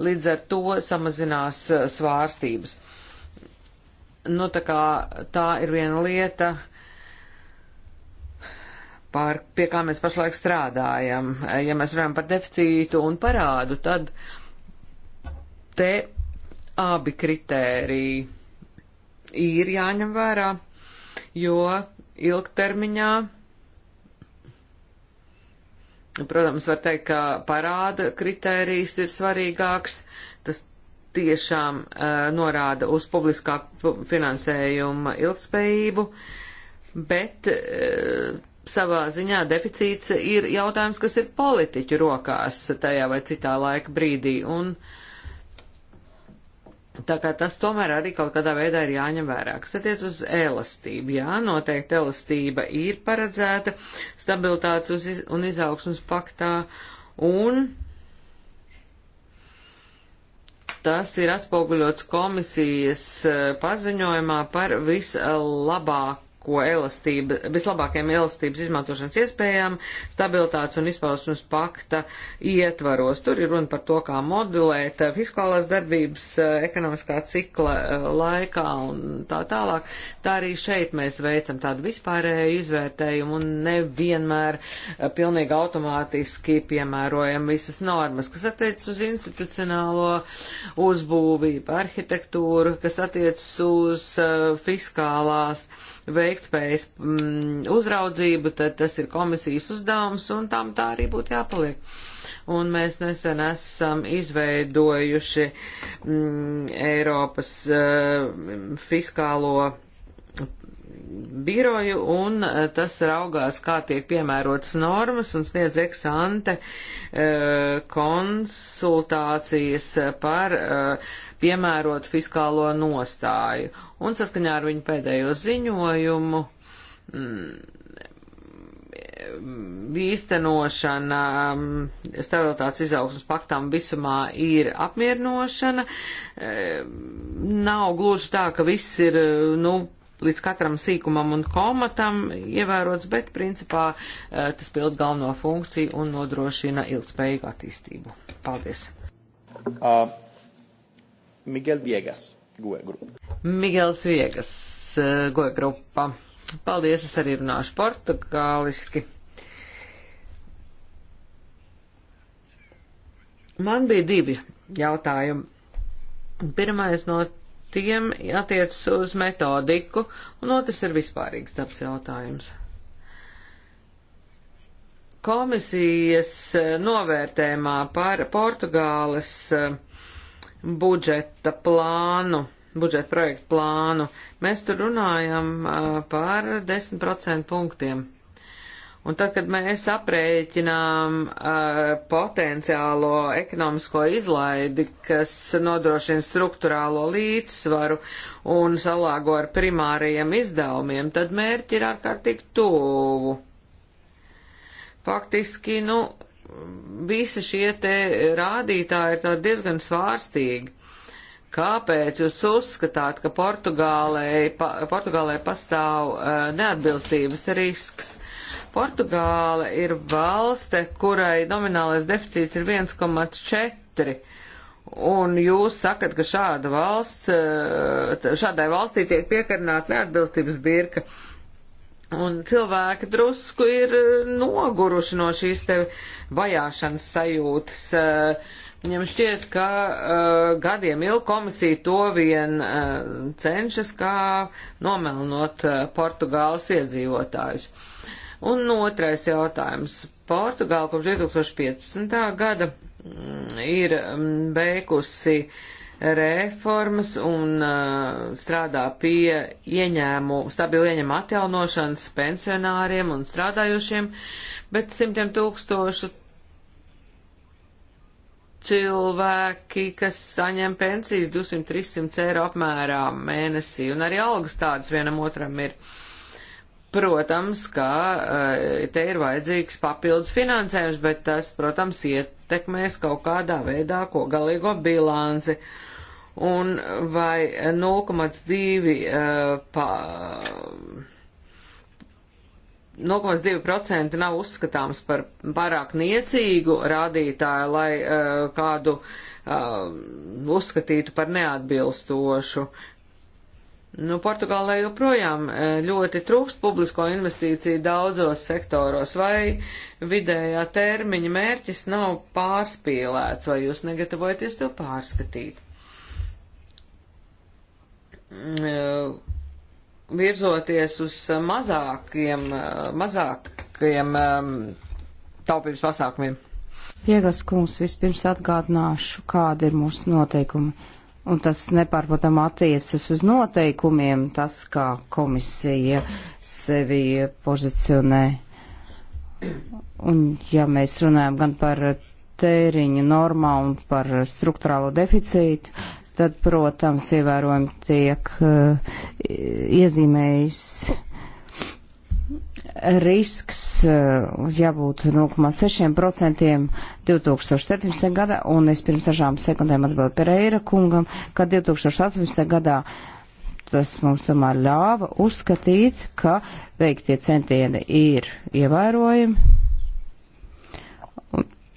līdz ar to samazinās svārstības. Nu, tā kā tā ir viena lieta, par, pie kā mēs pašlaik strādājam. Ja mēs runājam par deficītu un parādu, tad te abi kritēriji ir jāņem vērā, jo ilgtermiņā, protams, var teikt, ka parāda kritērijs ir svarīgāks. Tas tiešām uh, norāda uz publiskā finansējuma ilgspējību, bet uh, savā ziņā deficīts ir jautājums, kas ir politiķu rokās tajā vai citā laika brīdī. Un tā kā tas tomēr arī kaut kādā veidā ir jāņem vērā. Kas attiec uz elastību? Jā, noteikti elastība ir paredzēta stabilitātes un izaugsmas paktā. Un tas ir atspoguļots komisijas eh, paziņojumā par vislabāk vislabāko elastību, vislabākajām elastības izmantošanas iespējām stabilitātes un izpausmes pakta ietvaros. Tur ir runa par to, kā modulēt eh, fiskālās darbības eh, ekonomiskā cikla eh, laikā un tā tālāk. Tā arī šeit mēs veicam tādu vispārēju izvērtējumu un nevienmēr pilnīgi automātiski piemērojam visas normas, kas attiec uz institucionālo uzbūvību, arhitektūru, kas attiec uz fiskālās veiktspējas mm, uzraudzību, tad tas ir komisijas uzdevums un tam tā arī būtu jāpaliek. Un mēs nesen esam izveidojuši mm, Eiropas uh, fiskālo biroju, un eh, tas raugās, kā tiek piemērotas normas un sniedz eksante eh, konsultācijas par eh, piemērotu fiskālo nostāju. Un saskaņā ar viņu pēdējo ziņojumu mm, īstenošana mm, stabilitātes izaugsmas paktam visumā ir apmierinošana. Nav gluži tā, ka viss ir, nu, līdz katram sīkumam un komatam ievērots, bet principā eh, tas pild galveno funkciju un nodrošina ilgspējīgu attīstību. Paldies! Uh, Miguel Viegas, Goja e grupa. Miguels Viegas, eh, Goja e grupa. Paldies, es arī runāšu portugāliski. Man bija divi jautājumi. Pirmais no tiem attiecas uz metodiku, un otrs ir vispārīgs dabas jautājums. Komisijas eh, novērtējumā par Portugāles eh, budžeta plānu, budžeta projektu plānu, mēs tur runājam eh, par 10% punktiem Un tad, kad mēs aprēķinām uh, potenciālo ekonomisko izlaidi, kas nodrošina struktūrālo līdzsvaru un salāgo ar primārajiem izdevumiem, tad mērķi ir ārkārtīgi tuvu. Faktiski, nu, visi šie te rādītāji ir diezgan svārstīgi. Kāpēc jūs uzskatāt, ka Portugālē, pa, Portugālē pastāv uh, neatbilstības risks? Portugāla ir valste, kurai nominālais deficīts ir 1,4. Un jūs sakat, ka šāda valsts, eh, šādai valstī tiek piekarināta neatbilstības birka. Un cilvēki drusku ir eh, noguruši no šīs te vajāšanas sajūtas. Eh, Viņam šķiet, ka uh, gadiem ilgi komisija to vien uh, cenšas, kā nomelnot uh, Portugāles iedzīvotājus. Uh, Un otrais jautājums. Portugāla kopš 2015. gada mm, ir mm, beigusi reformas un uh, strādā pie ieņēmu, stabilu ieņēmu atjaunošanas pensionāriem un strādājušiem, bet simtiem tūkstošu cilvēki, kas saņem pensijas 200-300 eiro apmērā mēnesī, un arī algas tādas vienam otram ir. Uh, Protams, ka eh, te ir vajadzīgs papildus finansējums, bet tas, protams, ietekmēs kaut kādā veidā ko galīgo bilanci. Un vai 0,2 eh, pa. 0,2% nav uzskatāms par pārāk niecīgu rādītāju, lai uh, kādu uh, uzskatītu par neatbilstošu. Nu, Portugālē joprojām e, ļoti trūkst publisko investīciju daudzos sektoros, vai vidējā termiņa mērķis nav pārspīlēts, vai jūs negatavojaties to pārskatīt? Mm, e, virzoties uz mazākiem, e, mazākiem taupības pasākumiem. Piegas kungs, vispirms atgādināšu, kāda ir mūsu noteikuma un tas nepārprotam attiecas uz noteikumiem, tas, kā komisija sevi pozicionē. Un ja mēs runājam gan par tēriņu normā un par struktūrālo deficītu, tad, protams, ievērojami tiek uh, iezīmējis risks eh, jābūt 0,6% 2017. gadā, un es pirms dažām sekundēm atbildēju Pereira kungam, ka 2018. gadā tas mums tomēr ļāva uzskatīt, ka veiktie centieni ir ievērojami,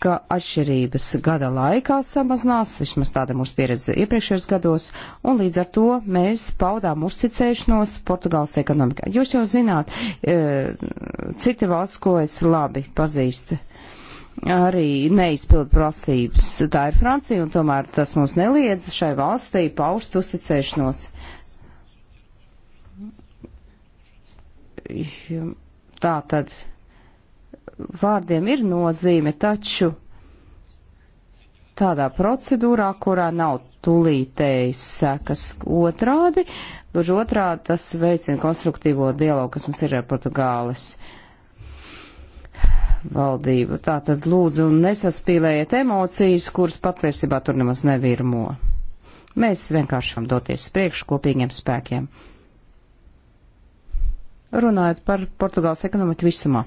ka atšķirības gada laikā samazinās, vismaz tāda mūsu pieredze iepriekšējos gados, un līdz ar to mēs paudām uzticēšanos Portugāles ekonomikā. Jūs jau zināt, e, citi valsts, ko es labi pazīstu, arī neizpild prasības. Tā ir Francija, un tomēr tas mums neliedz šai valstī paust uzticēšanos. Tā tad vārdiem ir nozīme, taču tādā procedūrā, kurā nav tūlītējas sekas otrādi, gluži otrādi tas veicina konstruktīvo dialogu, kas mums ir ar Portugāles valdību. Tā tad lūdzu nesaspīlējiet emocijas, kuras patiesībā tur nemaz nevirmo. Mēs vienkārši varam doties priekš kopīgiem spēkiem. Runājot par Portugāles ekonomiku visumā.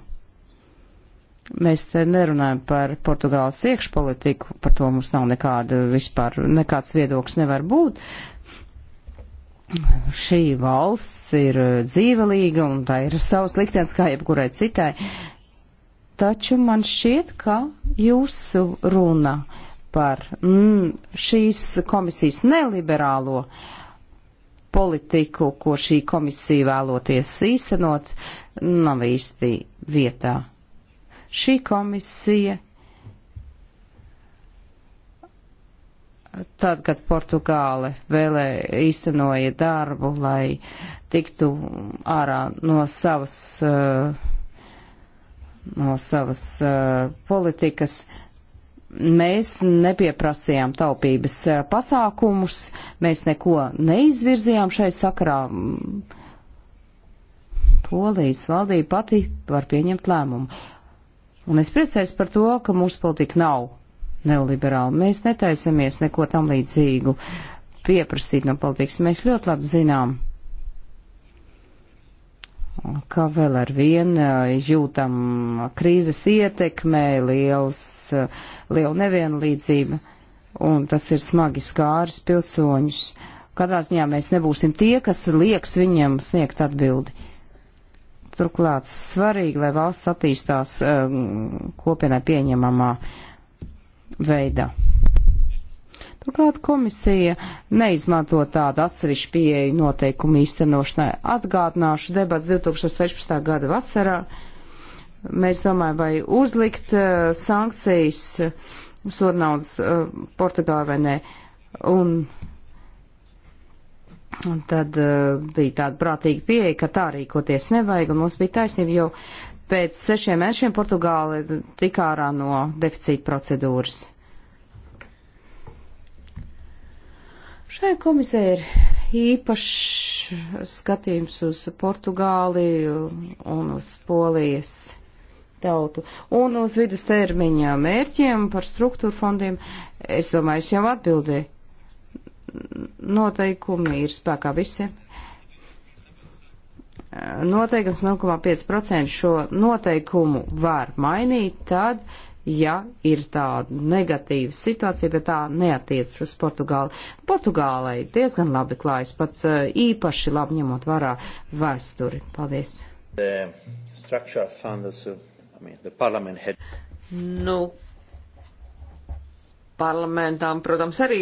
Mēs te nerunājam par Portugāles iekšpolitiku, par to mums nav nekāda vispār, nekāds viedoklis nevar būt. Šī valsts ir dzīvelīga un tā ir savs liktenis kā jebkurai citai. Taču man šķiet, ka jūsu runa par mm, šīs komisijas neliberālo politiku, ko šī komisija vēloties īstenot, nav īsti vietā. Šī komisija tad, kad Portugāle vēlē īstenoja darbu, lai tiktu ārā no savas, eh, no savas eh, politikas, mēs nepieprasījām taupības eh, pasākumus, mēs neko neizvirzījām šai sakarā. Polijas valdība pati var pieņemt lēmumu. Un es priecājos par to, ka mūsu politika nav neoliberāla. Mēs netaisamies neko tam līdzīgu pieprasīt no politikas. Mēs ļoti labi zinām, ka vēl ar vienu jūtam krīzes ietekmē, liels, liela nevienlīdzība, un tas ir smagi skāris pilsoņus. Katrā ziņā mēs nebūsim tie, kas lieks viņiem sniegt atbildi. Turklāt svarīgi, lai valsts attīstās um, kopienai pieņemamā veidā. Turklāt komisija neizmanto tādu atsevišķu pieeju noteikumu īstenošanai. Atgādināšu debats 2016. gada vasarā. Mēs domājam, vai uzlikt uh, sankcijas uh, sodnaudas uh, Portugālē vai nē. Un Un tad uh, bija tāda prātīga pieeja, ka tā rīkoties nevajag, un mums bija taisnība, jo pēc sešiem mēnešiem Portugāli tika ārā no deficīta procedūras. Šai komisē ir īpašs skatījums uz Portugāliju un uz Polijas tautu. Un uz vidus termiņā mērķiem par struktūru fondiem, es domāju, es jau atbildēju noteikumi ir spēkā visiem. Noteikums 0,5% šo noteikumu var mainīt tad, ja ir tāda negatīva situācija, bet tā neatiec uz Portugāli. Portugālai diezgan labi klājas, pat uh, īpaši labi ņemot vērā vēsturi. Paldies. The... Fund, so, I mean, had... Nu, Parlamentam, protams, arī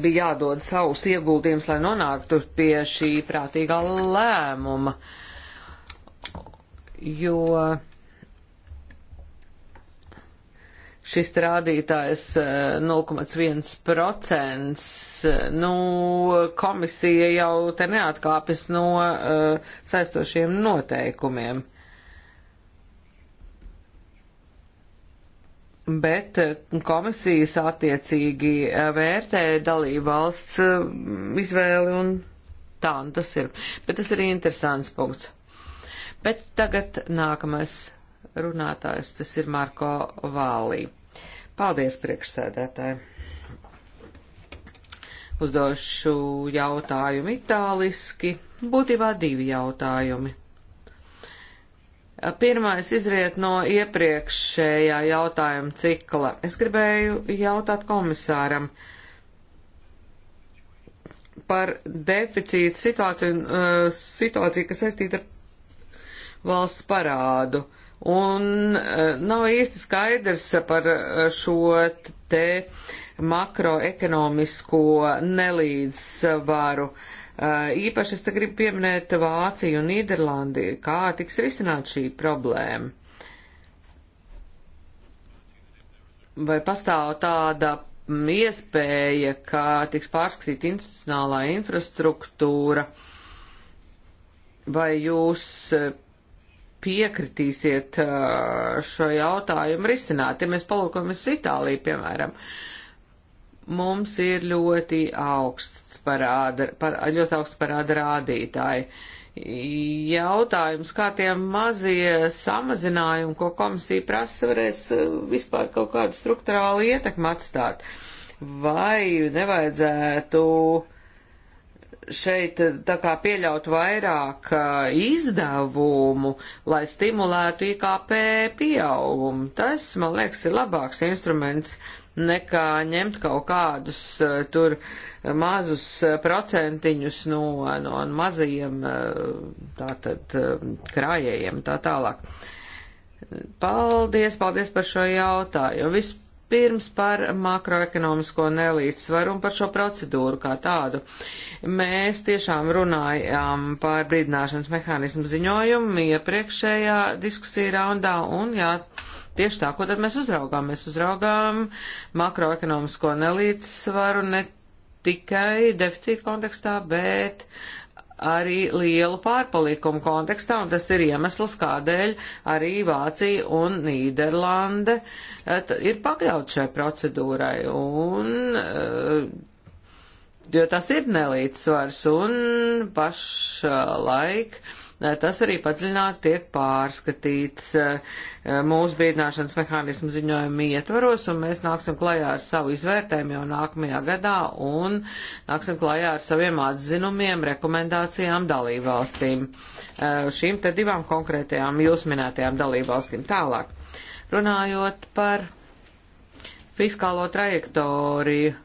bija jādod savus ieguldījums, lai nonāktu pie šī prātīgā lēmuma, jo šis rādītājs 0,1%, eh, eh, nu, komisija jau te neatkāpjas no uh, saistošiem noteikumiem. bet eh, komisijas attiecīgi eh, vērtē dalību valsts eh, izvēli un tā, un tas ir. Bet tas ir interesants punkts. Bet tagad nākamais runātājs, tas ir Marko Vālī. Paldies, priekšsēdētāji! Uzdošu jautājumu itāliski, būtībā divi jautājumi. Pirmais izriet no iepriekšējā jautājuma cikla. Es gribēju jautāt komisāram par deficītu situāciju, uh, situāciju kas saistīta ar valsts parādu. Un uh, nav īsti skaidrs par uh, šo te makroekonomisko nelīdzsvaru. Uh, Uh, īpaši es te gribu pieminēt Vāciju un Nīderlandi, kā tiks risināt šī problēma. Vai pastāv tāda iespēja, ka tiks pārskatīta institucionālā infrastruktūra, vai jūs uh, piekritīsiet uh, šo jautājumu risināt. Ja mēs palūkojamies uz Itāliju, piemēram, mums ir ļoti augsts parāda, par, ļoti augsts parāda rādītāji. Jautājums, kā tie mazie samazinājumi, ko komisija prasa, varēs eh, vispār kaut kādu struktūrālu ietekmi atstāt. Vai nevajadzētu šeit eh, tā kā pieļaut vairāk eh, izdevumu, lai stimulētu IKP pieaugumu. Tas, man liekas, ir labāks instruments nekā ņemt kaut kādus eh, tur eh, mazus eh, procentiņus no, no mazajiem tātad krājējiem tā tālāk. Paldies, paldies par šo jautājumu. Vispirms par makroekonomisko nelīdzsvaru un par šo procedūru kā tādu. Mēs tiešām runājām par brīdināšanas mehānismu ziņojumu iepriekšējā diskusija raundā un jā. Ja, Tieši tā, ko tad mēs uzraugām? Mēs uzraugām makroekonomisko nelīdzsvaru ne tikai deficīta kontekstā, bet arī lielu pārpalikumu kontekstā, un tas ir iemesls, kādēļ arī Vācija un Nīderlande eh, ir pakļaut šai procedūrai. Un, eh, jo tas ir nelīdzsvars, un pašlaik. Uh, Tas arī padziļināti tiek pārskatīts eh, mūsu brīdināšanas mehānismu ziņojumu ietvaros, un mēs nāksim klajā ar savu izvērtējumu jau nākamajā gadā un nāksim klajā ar saviem atzinumiem, rekomendācijām dalībvalstīm. Eh, šīm te divām konkrētajām jūs minētajām dalībvalstīm tālāk. Runājot par fiskālo trajektoriju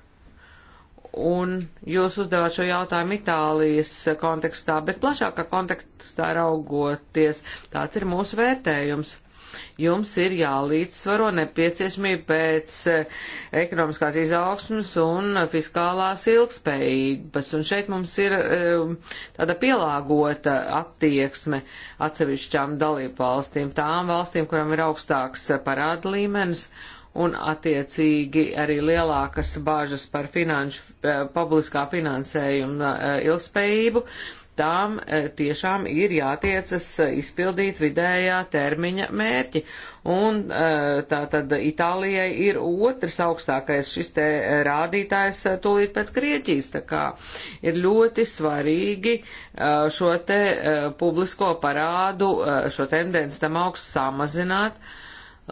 Un jūs uzdevāt šo jautājumu Itālijas kontekstā, bet plašākā kontekstā raugoties, tāds ir mūsu vērtējums. Jums ir jālīdzsvaro nepieciešamība pēc eh, ekonomiskās izaugsmas un fiskālās ilgspējības. Un šeit mums ir eh, tāda pielāgota attieksme atsevišķām dalību valstīm, tām valstīm, kurām ir augstāks parāda līmenis. Uh, un attiecīgi arī lielākas bāžas par finanšu, eh, publiskā finansējuma eh, ilgspējību, tām eh, tiešām ir jātiecas izpildīt vidējā termiņa mērķi. Un tā tad Itālijai ir otrs augstākais šis te rādītājs tūlīt pēc Grieķijas, tā kā ir ļoti svarīgi šo te publisko parādu, šo tendenci tam augstu samazināt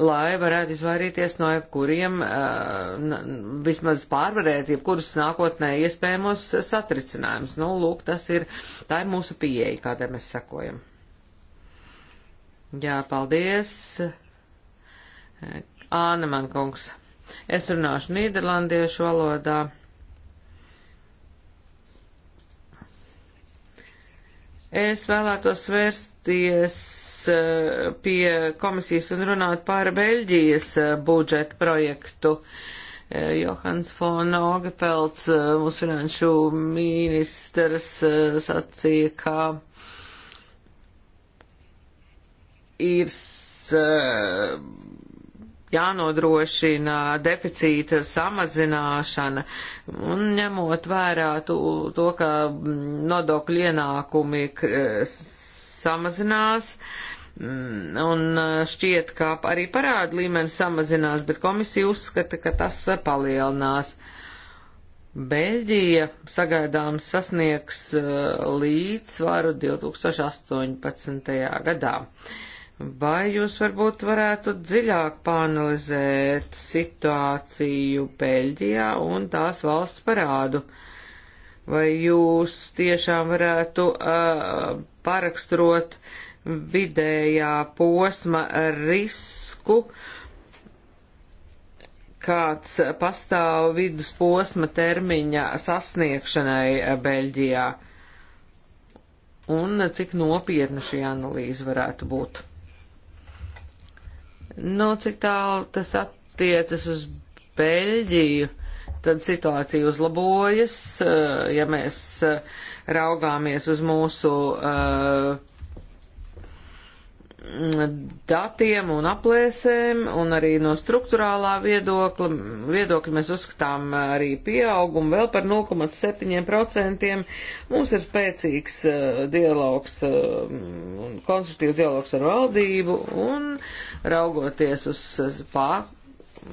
lai varētu izvairīties no jebkuriem, eh, vismaz pārvarēt jebkurus nākotnē iespējamos satricinājumus. Nu, lūk, tas ir, tā ir mūsu pieeja, kādai mēs sakojam. Jā, paldies. Āne man kungs. Es runāšu nīderlandiešu valodā. Es vēlētos vērst vērsties eh, pie komisijas un runāt par Beļģijas eh, budžeta projektu. Eh, Johans von Ogefelds, mūsu finanšu ministrs, sacīja, ka ir jānodrošina deficīta samazināšana un ņemot vērā to, to ka mm, nodokļu ienākumi samazinās. Mm, un eh, šķiet, ka arī parāda līmenis samazinās, bet komisija uzskata, ka tas eh, palielinās. Beļģija sagaidāms sasniegs eh, līdzsvaru 2018. gadā. Vai jūs varbūt varētu dziļāk pāanalizēt situāciju Beļģijā un tās valsts parādu? Uh, vai jūs tiešām varētu uh, paraksturot vidējā posma risku, kāds pastāv vidusposma termiņa sasniegšanai uh, Beļģijā, un cik nopietna šī analīze varētu būt. Nu, cik tālu tas attiecas uz Beļģiju? Uh, tad situācija uzlabojas, eh, ja mēs eh, raugāmies uz mūsu eh, datiem un aplēsēm, un arī no struktūrālā viedokļa, viedokļa mēs uzskatām arī pieaugumu vēl par 0,7%. Mums ir spēcīgs dialogs, konstruktīvs dialogs ar valdību, un raugoties uz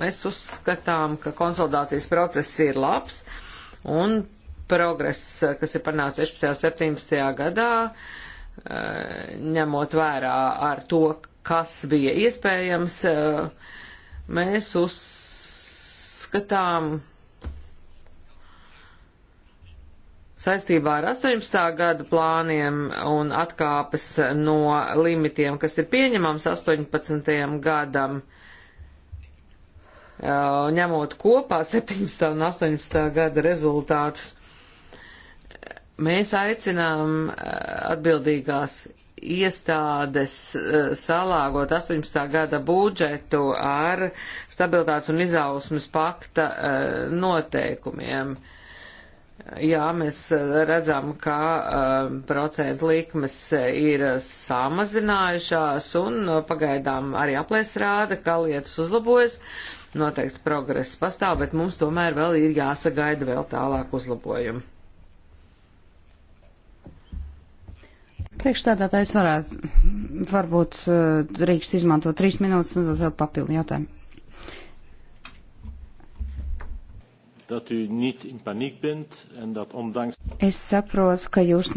mēs uzskatām, ka konsolidācijas process ir labs un progress, kas ir panācis 16. un 17. gadā, eh, ņemot vērā ar to, kas bija iespējams, eh, mēs uzskatām saistībā ar 18. gada plāniem un atkāpes no limitiem, kas ir pieņemams 18. gadam, uh, Uh, ņemot kopā 17. un 18. gada rezultātus, mēs aicinām uh, atbildīgās iestādes uh, salāgot 18. gada budžetu ar stabilitātes un izausmas pakta noteikumiem. Jā, mēs redzam, ka uh, procentu likmes ir samazinājušās un pagaidām arī aplēs rāda, ka lietas uzlabojas. Uh, noteikts progress pastāv, bet mums tomēr vēl ir jāsagaida vēl tālāk uzlabojumi. Priekšstādātājs varētu varbūt eh, drīkst izmantot trīs minūtes un vēl papildu jautājumu. Es saprotu, ka jūs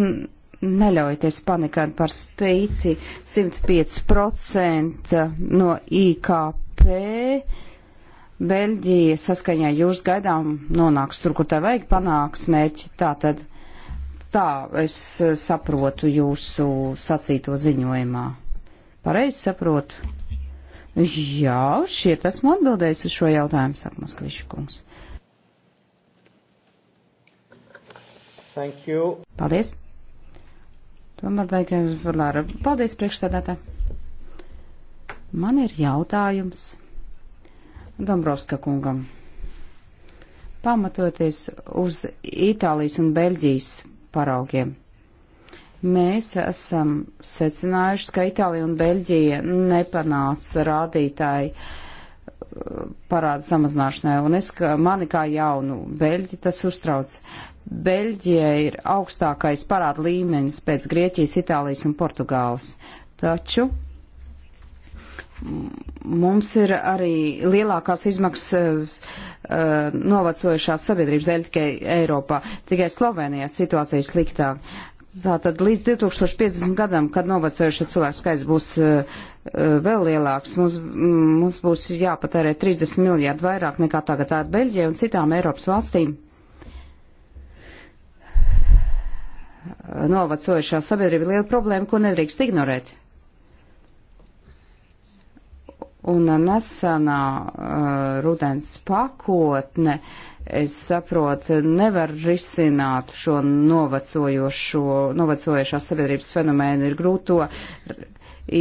neļaujaties panikāt par spīti 105% no IKP Beļģija saskaņā jūs gaidām nonāks tur, kur tā vajag panāks mērķi. Tā tad tā es eh, saprotu jūsu sacīto ziņojumā. Pareizi saprotu. Jā, šiet esmu atbildējis uz šo jautājumu, saka Moskviša kungs. Thank you. Paldies. Tomēr, laikam, Valāra, paldies priekšstādātā. Man ir jautājums Dombrovska kungam. Pamatoties uz Itālijas un Beļģijas paraugiem, mēs esam secinājuši, ka Itālija un Beļģija nepanāca rādītāji uh, parāda samazināšanai, un es, ka mani kā jaunu Beļģi tas uztrauc. Beļģija ir augstākais parāda līmenis pēc Grieķijas, Itālijas un Portugāles. Taču mums ir arī lielākās izmaksas uh, novecojušās sabiedrības dēļ tikai Eiropā. Tikai Slovenijā situācija ir sliktāk. Tātad līdz 2050 gadam, kad novecojušie cilvēku skaits būs uh, vēl lielāks, mums, mums būs jāpatērē 30 miljārdu vairāk nekā tagad tāda Beļģija un citām Eiropas valstīm. Novecojušā sabiedrība ir liela problēma, ko nedrīkst ignorēt. Un nesenā uh, rudens pakotne, es saprotu, nevar risināt šo novecojošo, novecojušās sabiedrības fenomēnu. Ir grūti to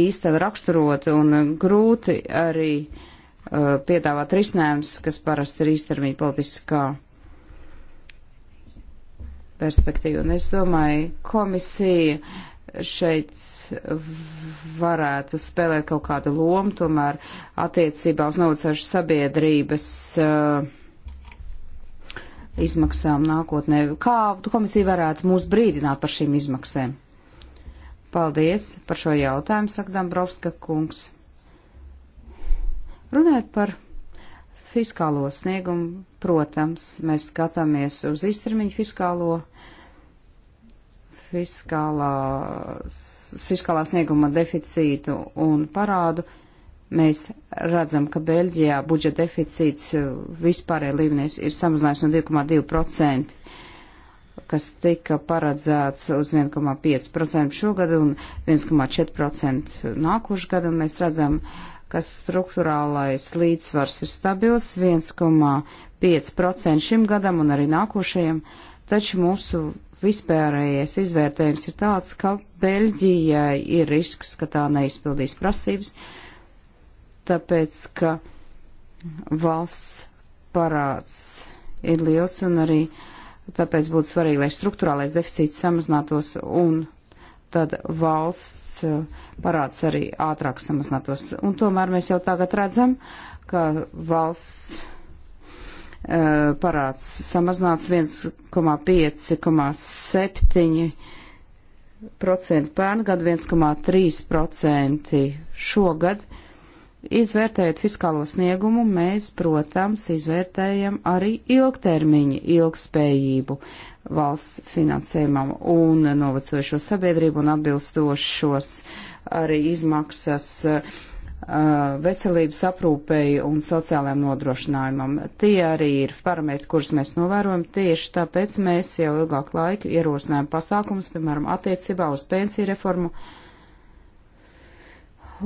īstenībā raksturot un grūti arī uh, piedāvāt risinājumus, kas parasti ir īstermiņa politiskā perspektīva. Un es domāju, komisija šeit varētu spēlēt kaut kādu lomu tomēr attiecībā uz novacošu sabiedrības uh, izmaksām nākotnē. Kā komisija varētu mūs brīdināt par šīm izmaksēm? Paldies par šo jautājumu, saka Dambrovska kungs. Runājot par fiskālo sniegumu, protams, mēs skatāmies uz īstermiņu fiskālo sniegumu fiskālā, fiskālā snieguma deficītu un parādu, mēs redzam, ka Beļģijā budžeta deficīts eh, vispārējā līmenī ir samazinājies no 2,2%, kas tika paredzēts uz 1,5% šogad un 1,4% nākošu gadu, un mēs redzam, ka struktūrālais līdzsvars ir stabils 1,5% šim gadam un arī nākošajam, taču mūsu vispārējais izvērtējums ir tāds, ka Beļģijai ir risks, ka tā neizpildīs prasības, tāpēc, ka valsts parāds ir liels un arī tāpēc būtu svarīgi, lai struktūrālais deficīts samazinātos un tad valsts uh, parāds arī ātrāk samazinātos. Un tomēr mēs jau tagad redzam, ka valsts Eh, parāds samazināts 1,5,7 procentu pērngad, 1,3% šogad. Izvērtējot fiskālo sniegumu, mēs, protams, izvērtējam arī ilgtermiņa ilgspējību valsts finansējumam un novecojušo sabiedrību un atbilstošos arī izmaksas eh, Uh, veselības aprūpei un sociālajiem nodrošinājumam. Tie arī ir parametri, kurus mēs novērojam. Tieši tāpēc mēs jau ilgāk laiku ierosinājam pasākumus, piemēram, attiecībā uz pensiju reformu,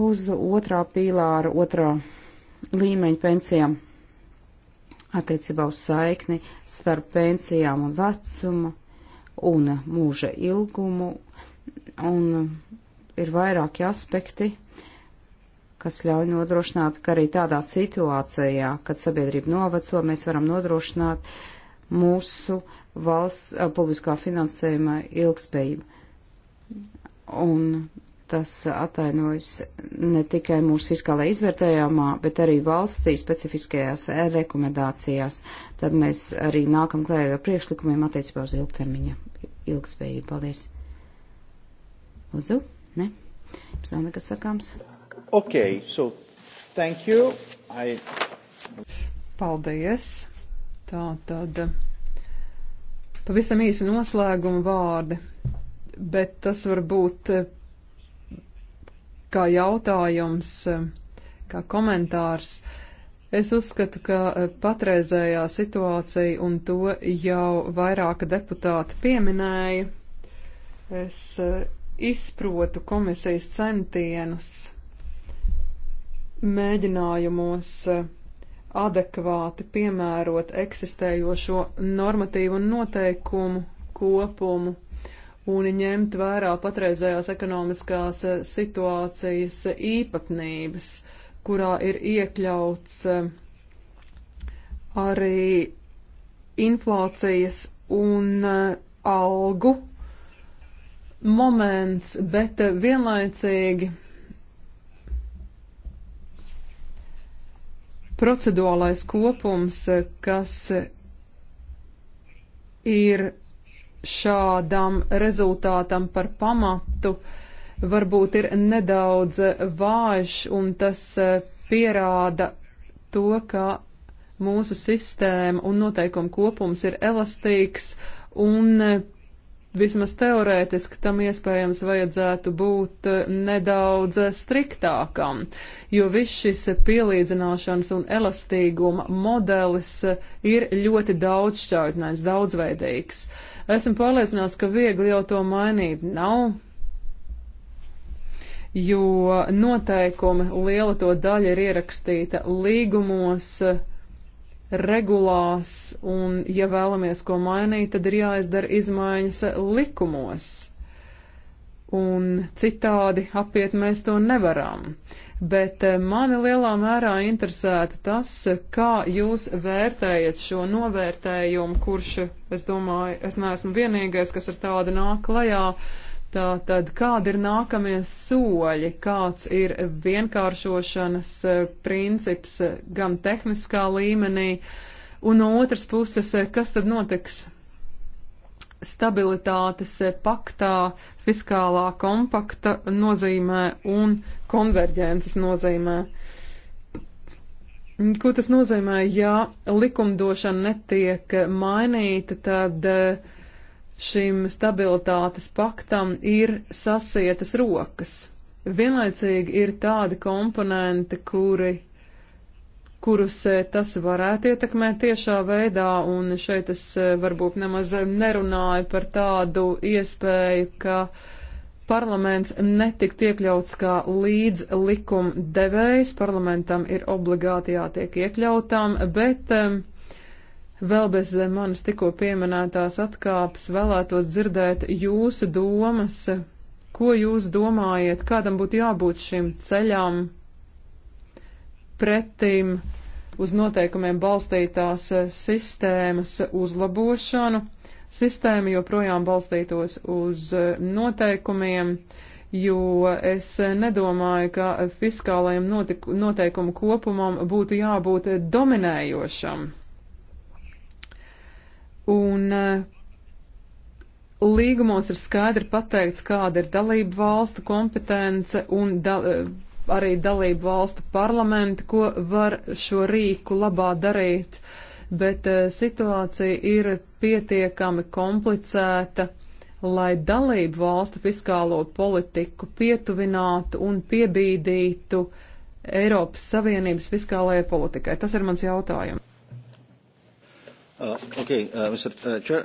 uz otrā pīlāra, otrā līmeņa pensijām, attiecībā uz saikni starp pensijām un vecumu un mūža ilgumu. Un ir vairāki aspekti, kas ļauj nodrošināt, ka arī tādā situācijā, kad sabiedrība noveco, mēs varam nodrošināt mūsu valsts publiskā finansējuma ilgspējību. Un tas atainojas ne tikai mūsu fiskālajā izvērtējumā, bet arī valstī specifiskajās rekomendācijās. Tad mēs arī nākam klējā ar priekšlikumiem attiecībā uz ilgtermiņa ilgspējību. Paldies! Lūdzu, ne? Jums nav nekas sakāms? Okay, so thank you. I... Paldies. Tā tad pavisam īsi noslēguma vārdi, bet tas var būt kā jautājums, kā komentārs. Es uzskatu, ka eh, patreizējā situācija, un to jau vairāka deputāta pieminēja, es eh, izprotu komisijas centienus mēģinājumos eh, adekvāti piemērot eksistējošo normatīvu un noteikumu kopumu un ņemt vērā patreizējās ekonomiskās eh, situācijas eh, īpatnības, kurā ir iekļauts arī inflācijas un algu moments, bet vienlaicīgi procedūlais kopums, kas ir šādam rezultātam par pamatu, varbūt ir nedaudz vājš, un tas eh, pierāda to, ka mūsu sistēma un noteikuma kopums ir elastīgs, un Vismaz teorētiski tam iespējams vajadzētu būt eh, nedaudz striktākam, jo viss šis pielīdzināšanas un elastīguma modelis eh, ir ļoti daudzšķautnēs, daudzveidīgs. Esmu pārliecināts, ka viegli jau to mainīt nav, jo noteikumi liela to daļa ir ierakstīta līgumos, eh, regulās, un ja vēlamies ko mainīt, tad ir jāizdara izmaiņas likumos. Un citādi apiet mēs to nevaram. Bet eh, mani lielā mērā interesētu tas, kā jūs vērtējat šo novērtējumu, kurš, es domāju, es neesmu vienīgais, kas ar tādu nāk klajā. Uh, Tātad, kādi ir nākamie soļi, kāds ir vienkāršošanas eh, princips eh, gan tehniskā līmenī, un no otras puses, eh, kas tad notiks stabilitātes paktā, fiskālā kompakta nozīmē un konverģences nozīmē. Ko tas nozīmē, ja likumdošana netiek mainīta, tad uh, šim stabilitātes paktam ir sasietas rokas. Vienlaicīgi ir tādi komponenti, kuri, kurus eh, tas varētu ietekmēt tiešā veidā, un šeit es eh, varbūt nemaz nerunāju par tādu iespēju, ka parlaments netikt iekļauts kā līdz likuma devējs, parlamentam ir obligāti jātiek iekļautam, bet um, Vēl bez manis tikko pieminētās atkāpes vēlētos dzirdēt jūsu domas, ko jūs domājat, kādam būtu jābūt šim ceļam pretim uz noteikumiem balstītās sistēmas uzlabošanu. Sistēma joprojām balstītos uz noteikumiem, jo es nedomāju, ka fiskālajam notiku, noteikumu kopumam būtu jābūt dominējošam. Un eh, līgumos ir skaidri pateikts, kāda ir dalību valstu kompetence un da, eh, arī dalību valstu parlamenti, ko var šo rīku labā darīt. Bet eh, situācija ir pietiekami komplicēta, lai dalību valstu fiskālo politiku pietuvinātu un piebīdītu Eiropas Savienības fiskālajai politikai. Tas ir mans jautājums. Uh, okay, uh, uh, Chair,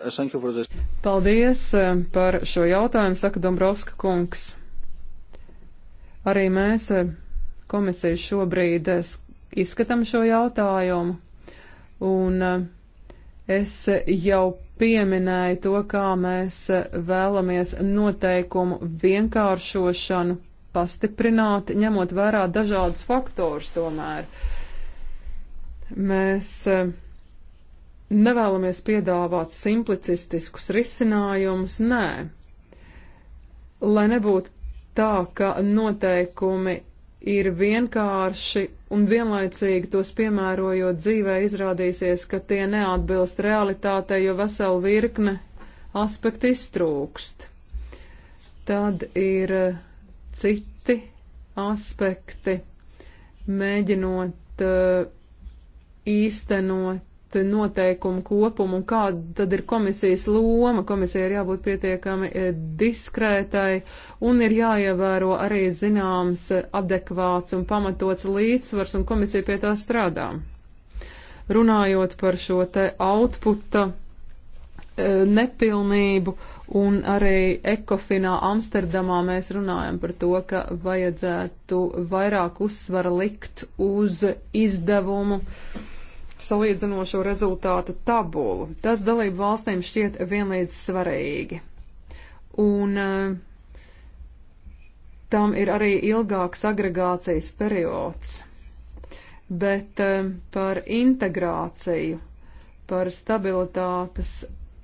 Paldies par šo jautājumu, saka Dombrovska kungs. Arī mēs komisiju šobrīd izskatām šo jautājumu, un es jau pieminēju to, kā mēs vēlamies noteikumu vienkāršošanu pastiprināt, ņemot vērā dažādus faktorus tomēr. Mēs uh, nevēlamies piedāvāt simplicistiskus risinājumus, nē. Lai nebūtu tā, ka noteikumi ir vienkārši un vienlaicīgi tos piemērojot dzīvē izrādīsies, ka tie neatbilst realitātei, jo vesela virkne aspekti iztrūkst. Tad ir eh, citi aspekti, mēģinot eh, īstenot noteikumu kopumu un kāda tad ir komisijas loma. Komisija ir jābūt pietiekami eh, diskrētai un ir jāievēro arī zināms eh, adekvāts un pamatots līdzsvars un komisija pie tā strādā. Runājot par šo te outputa eh, nepilnību un arī ekofinā Amsterdamā mēs runājam par to, ka vajadzētu vairāk uzsvara likt uz izdevumu uh, salīdzinošo rezultātu tabulu. Tas dalību valstīm šķiet vienlīdz svarīgi. Un eh, tam ir arī ilgāks agregācijas periods. Bet eh, par integrāciju, par stabilitātes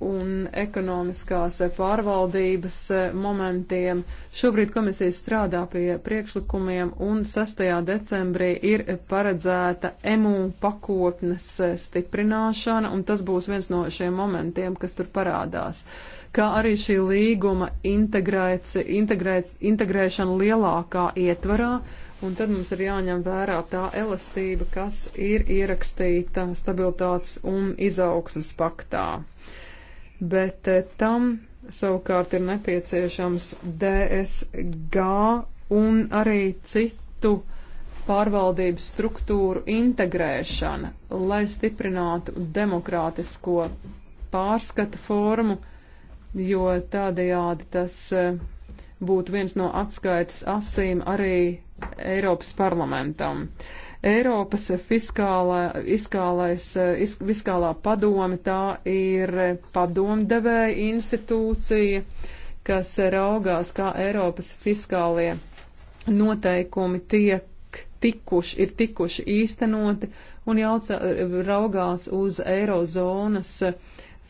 un ekonomiskās pārvaldības momentiem. Šobrīd komisija strādā pie priekšlikumiem un 6. decembrī ir paredzēta emu pakotnes stiprināšana, un tas būs viens no šiem momentiem, kas tur parādās kā arī šī līguma integrēšana lielākā ietvarā, un tad mums ir jāņem vērā tā elastība, kas ir ierakstīta stabilitātes un izaugsmas paktā. Uh, bet eh, tam savukārt ir nepieciešams DSG un arī citu pārvaldības struktūru integrēšana, lai stiprinātu demokrātisko pārskata formu, jo tādējādi tas eh, būtu viens no atskaites asīm arī Eiropas parlamentam. Eiropas fiskālā, izkālais, iz, fiskālā padome tā ir padomdevēja institūcija, kas raugās, kā Eiropas fiskālie noteikumi tiek tikuši, ir tikuši īstenoti un jauca, raugās uz eirozonas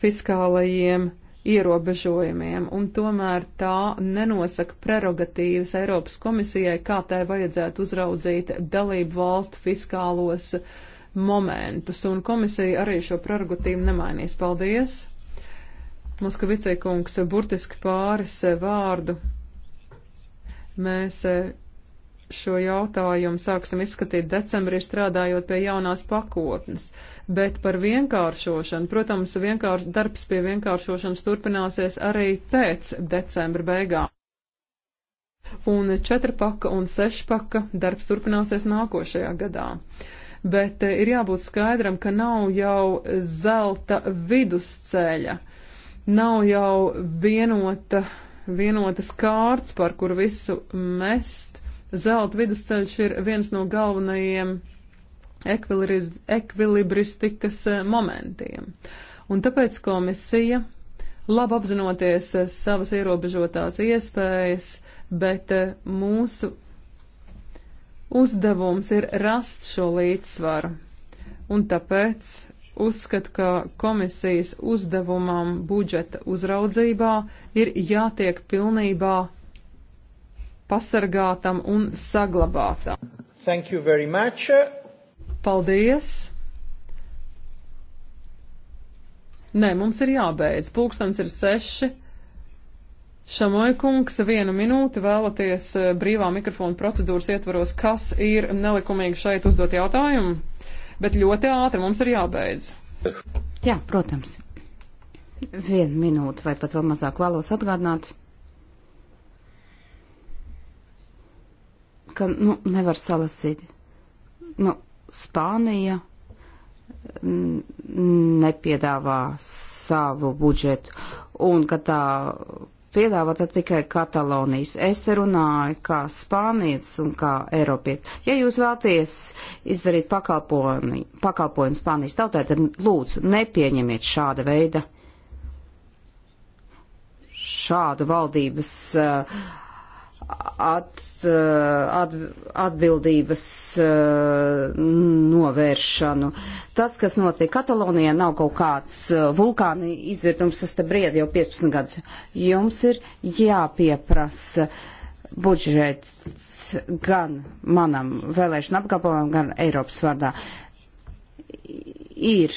fiskālajiem ierobežojumiem, un tomēr tā nenosaka prerogatīvas Eiropas komisijai, kā tai vajadzētu uzraudzīt dalību valstu fiskālos momentus, un komisija arī šo prerogatīvu nemainīs. Paldies! Muskavicē kungs burtiski pāris vārdu. Mēs šo jautājumu sāksim izskatīt decembrī strādājot pie jaunās pakotnes, bet par vienkāršošanu, protams, vienkārš, darbs pie vienkāršošanas turpināsies arī pēc decembra beigām. Un četrpaka un sešpaka darbs turpināsies nākošajā gadā. Bet eh, ir jābūt skaidram, ka nav jau zelta vidusceļa, nav jau vienota, vienotas kārts, par kur visu mest, Zelta vidusceļš ir viens no galvenajiem ekvilibristikas eh, momentiem. Un tāpēc komisija, labi apzinoties eh, savas ierobežotās iespējas, bet eh, mūsu uzdevums ir rast šo līdzsvaru. Un tāpēc uzskatu, ka komisijas uzdevumam budžeta uzraudzībā ir jātiek pilnībā pasargātam un saglabātam. Thank you very much. Paldies! Nē, mums ir jābeidz. Pūkstens ir seši. Šamoja kungs, vienu minūti vēlaties eh, brīvā mikrofona procedūras ietvaros, kas ir nelikumīgi šeit uzdot jautājumu, bet ļoti ātri mums ir jābeidz. Jā, protams. Vienu minūti vai pat vēl mazāk vēlos atgādināt ka, nu, nevar salasīt. Nu, Spānija mm, nepiedāvā savu budžetu, un ka tā piedāvā tad tikai Katalonijas. Es te runāju kā spānietis un kā eiropietis. Ja jūs vēlties izdarīt pakalpojumu, pakalpojumu Spānijas tautai, tad lūdzu nepieņemiet šāda veida, šādu valdības uh, at, eh, at, atbildības eh, novēršanu. Tas, kas notiek Katalonijā, nav kaut kāds eh, vulkāni izvirtums, tas te bried jau 15 gadus. Jums ir jāpieprasa budžets gan manam vēlēšana apgabalam, gan Eiropas vārdā. Ir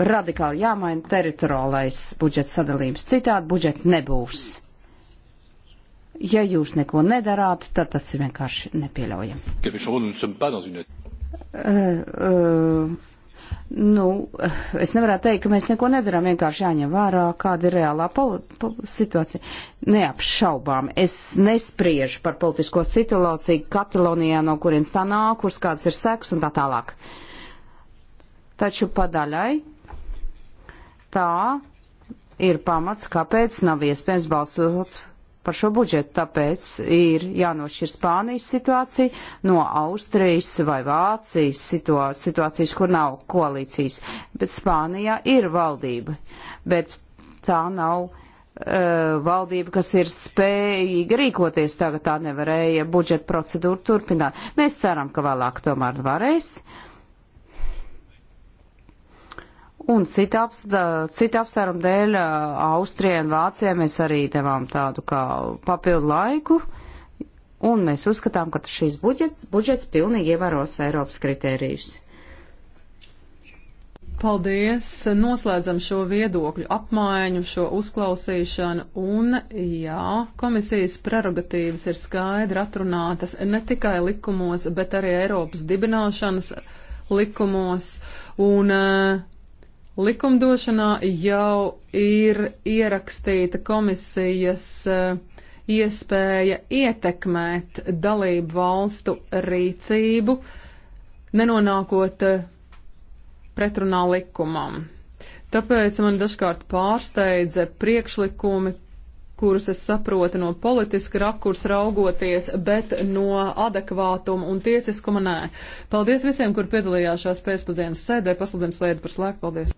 radikāli jāmaina teritorālais budžeta sadalījums, citādi budžeta nebūs. Ja jūs neko nedarāt, tad tas ir vienkārši nepieļaujami. Uh, uh, nu, eh, es nevarētu teikt, ka mēs neko nedarām, vienkārši jāņem vērā, kāda ir reālā situācija. Neapšaubām, es nespriežu par politisko situāciju Katalonijā, no kurienes tā nāk, kurš kāds ir seks un tā tālāk. Taču padaļai tā ir pamats, kāpēc nav iespējams balsot par šo budžetu, tāpēc ir jānošķir Spānijas situācija no Austrijas vai Vācijas situācijas, situācijas kur nav koalīcijas. Bet Spānijā ir valdība, bet tā nav e, valdība, kas ir spējīga rīkoties, tagad tā nevarēja budžeta procedūru turpināt. Mēs ceram, ka vēlāk tomēr varēs. Uh, Un cita, cita apsvēruma dēļ Austrijai un Vācijai mēs arī devām tādu kā papildu laiku, un mēs uzskatām, ka šīs budžets, budžets pilnīgi ievēros Eiropas kritērijus. Paldies! Noslēdzam šo viedokļu apmaiņu, šo uzklausīšanu, un jā, komisijas prerogatīvas ir skaidri atrunātas ne tikai likumos, bet arī Eiropas dibināšanas likumos, un uh, Likumdošanā jau ir ierakstīta komisijas eh, iespēja ietekmēt dalību valstu rīcību, nenonākot eh, pretrunā likumam. Tāpēc man dažkārt pārsteidza priekšlikumi, kurus es saprotu no politiska rakursa raugoties, bet no adekvātuma un tiesiskuma nē. Paldies visiem, kur piedalījās šās pēcpusdienas sēdē. Pasludinu slēdu par slēgtu. Paldies!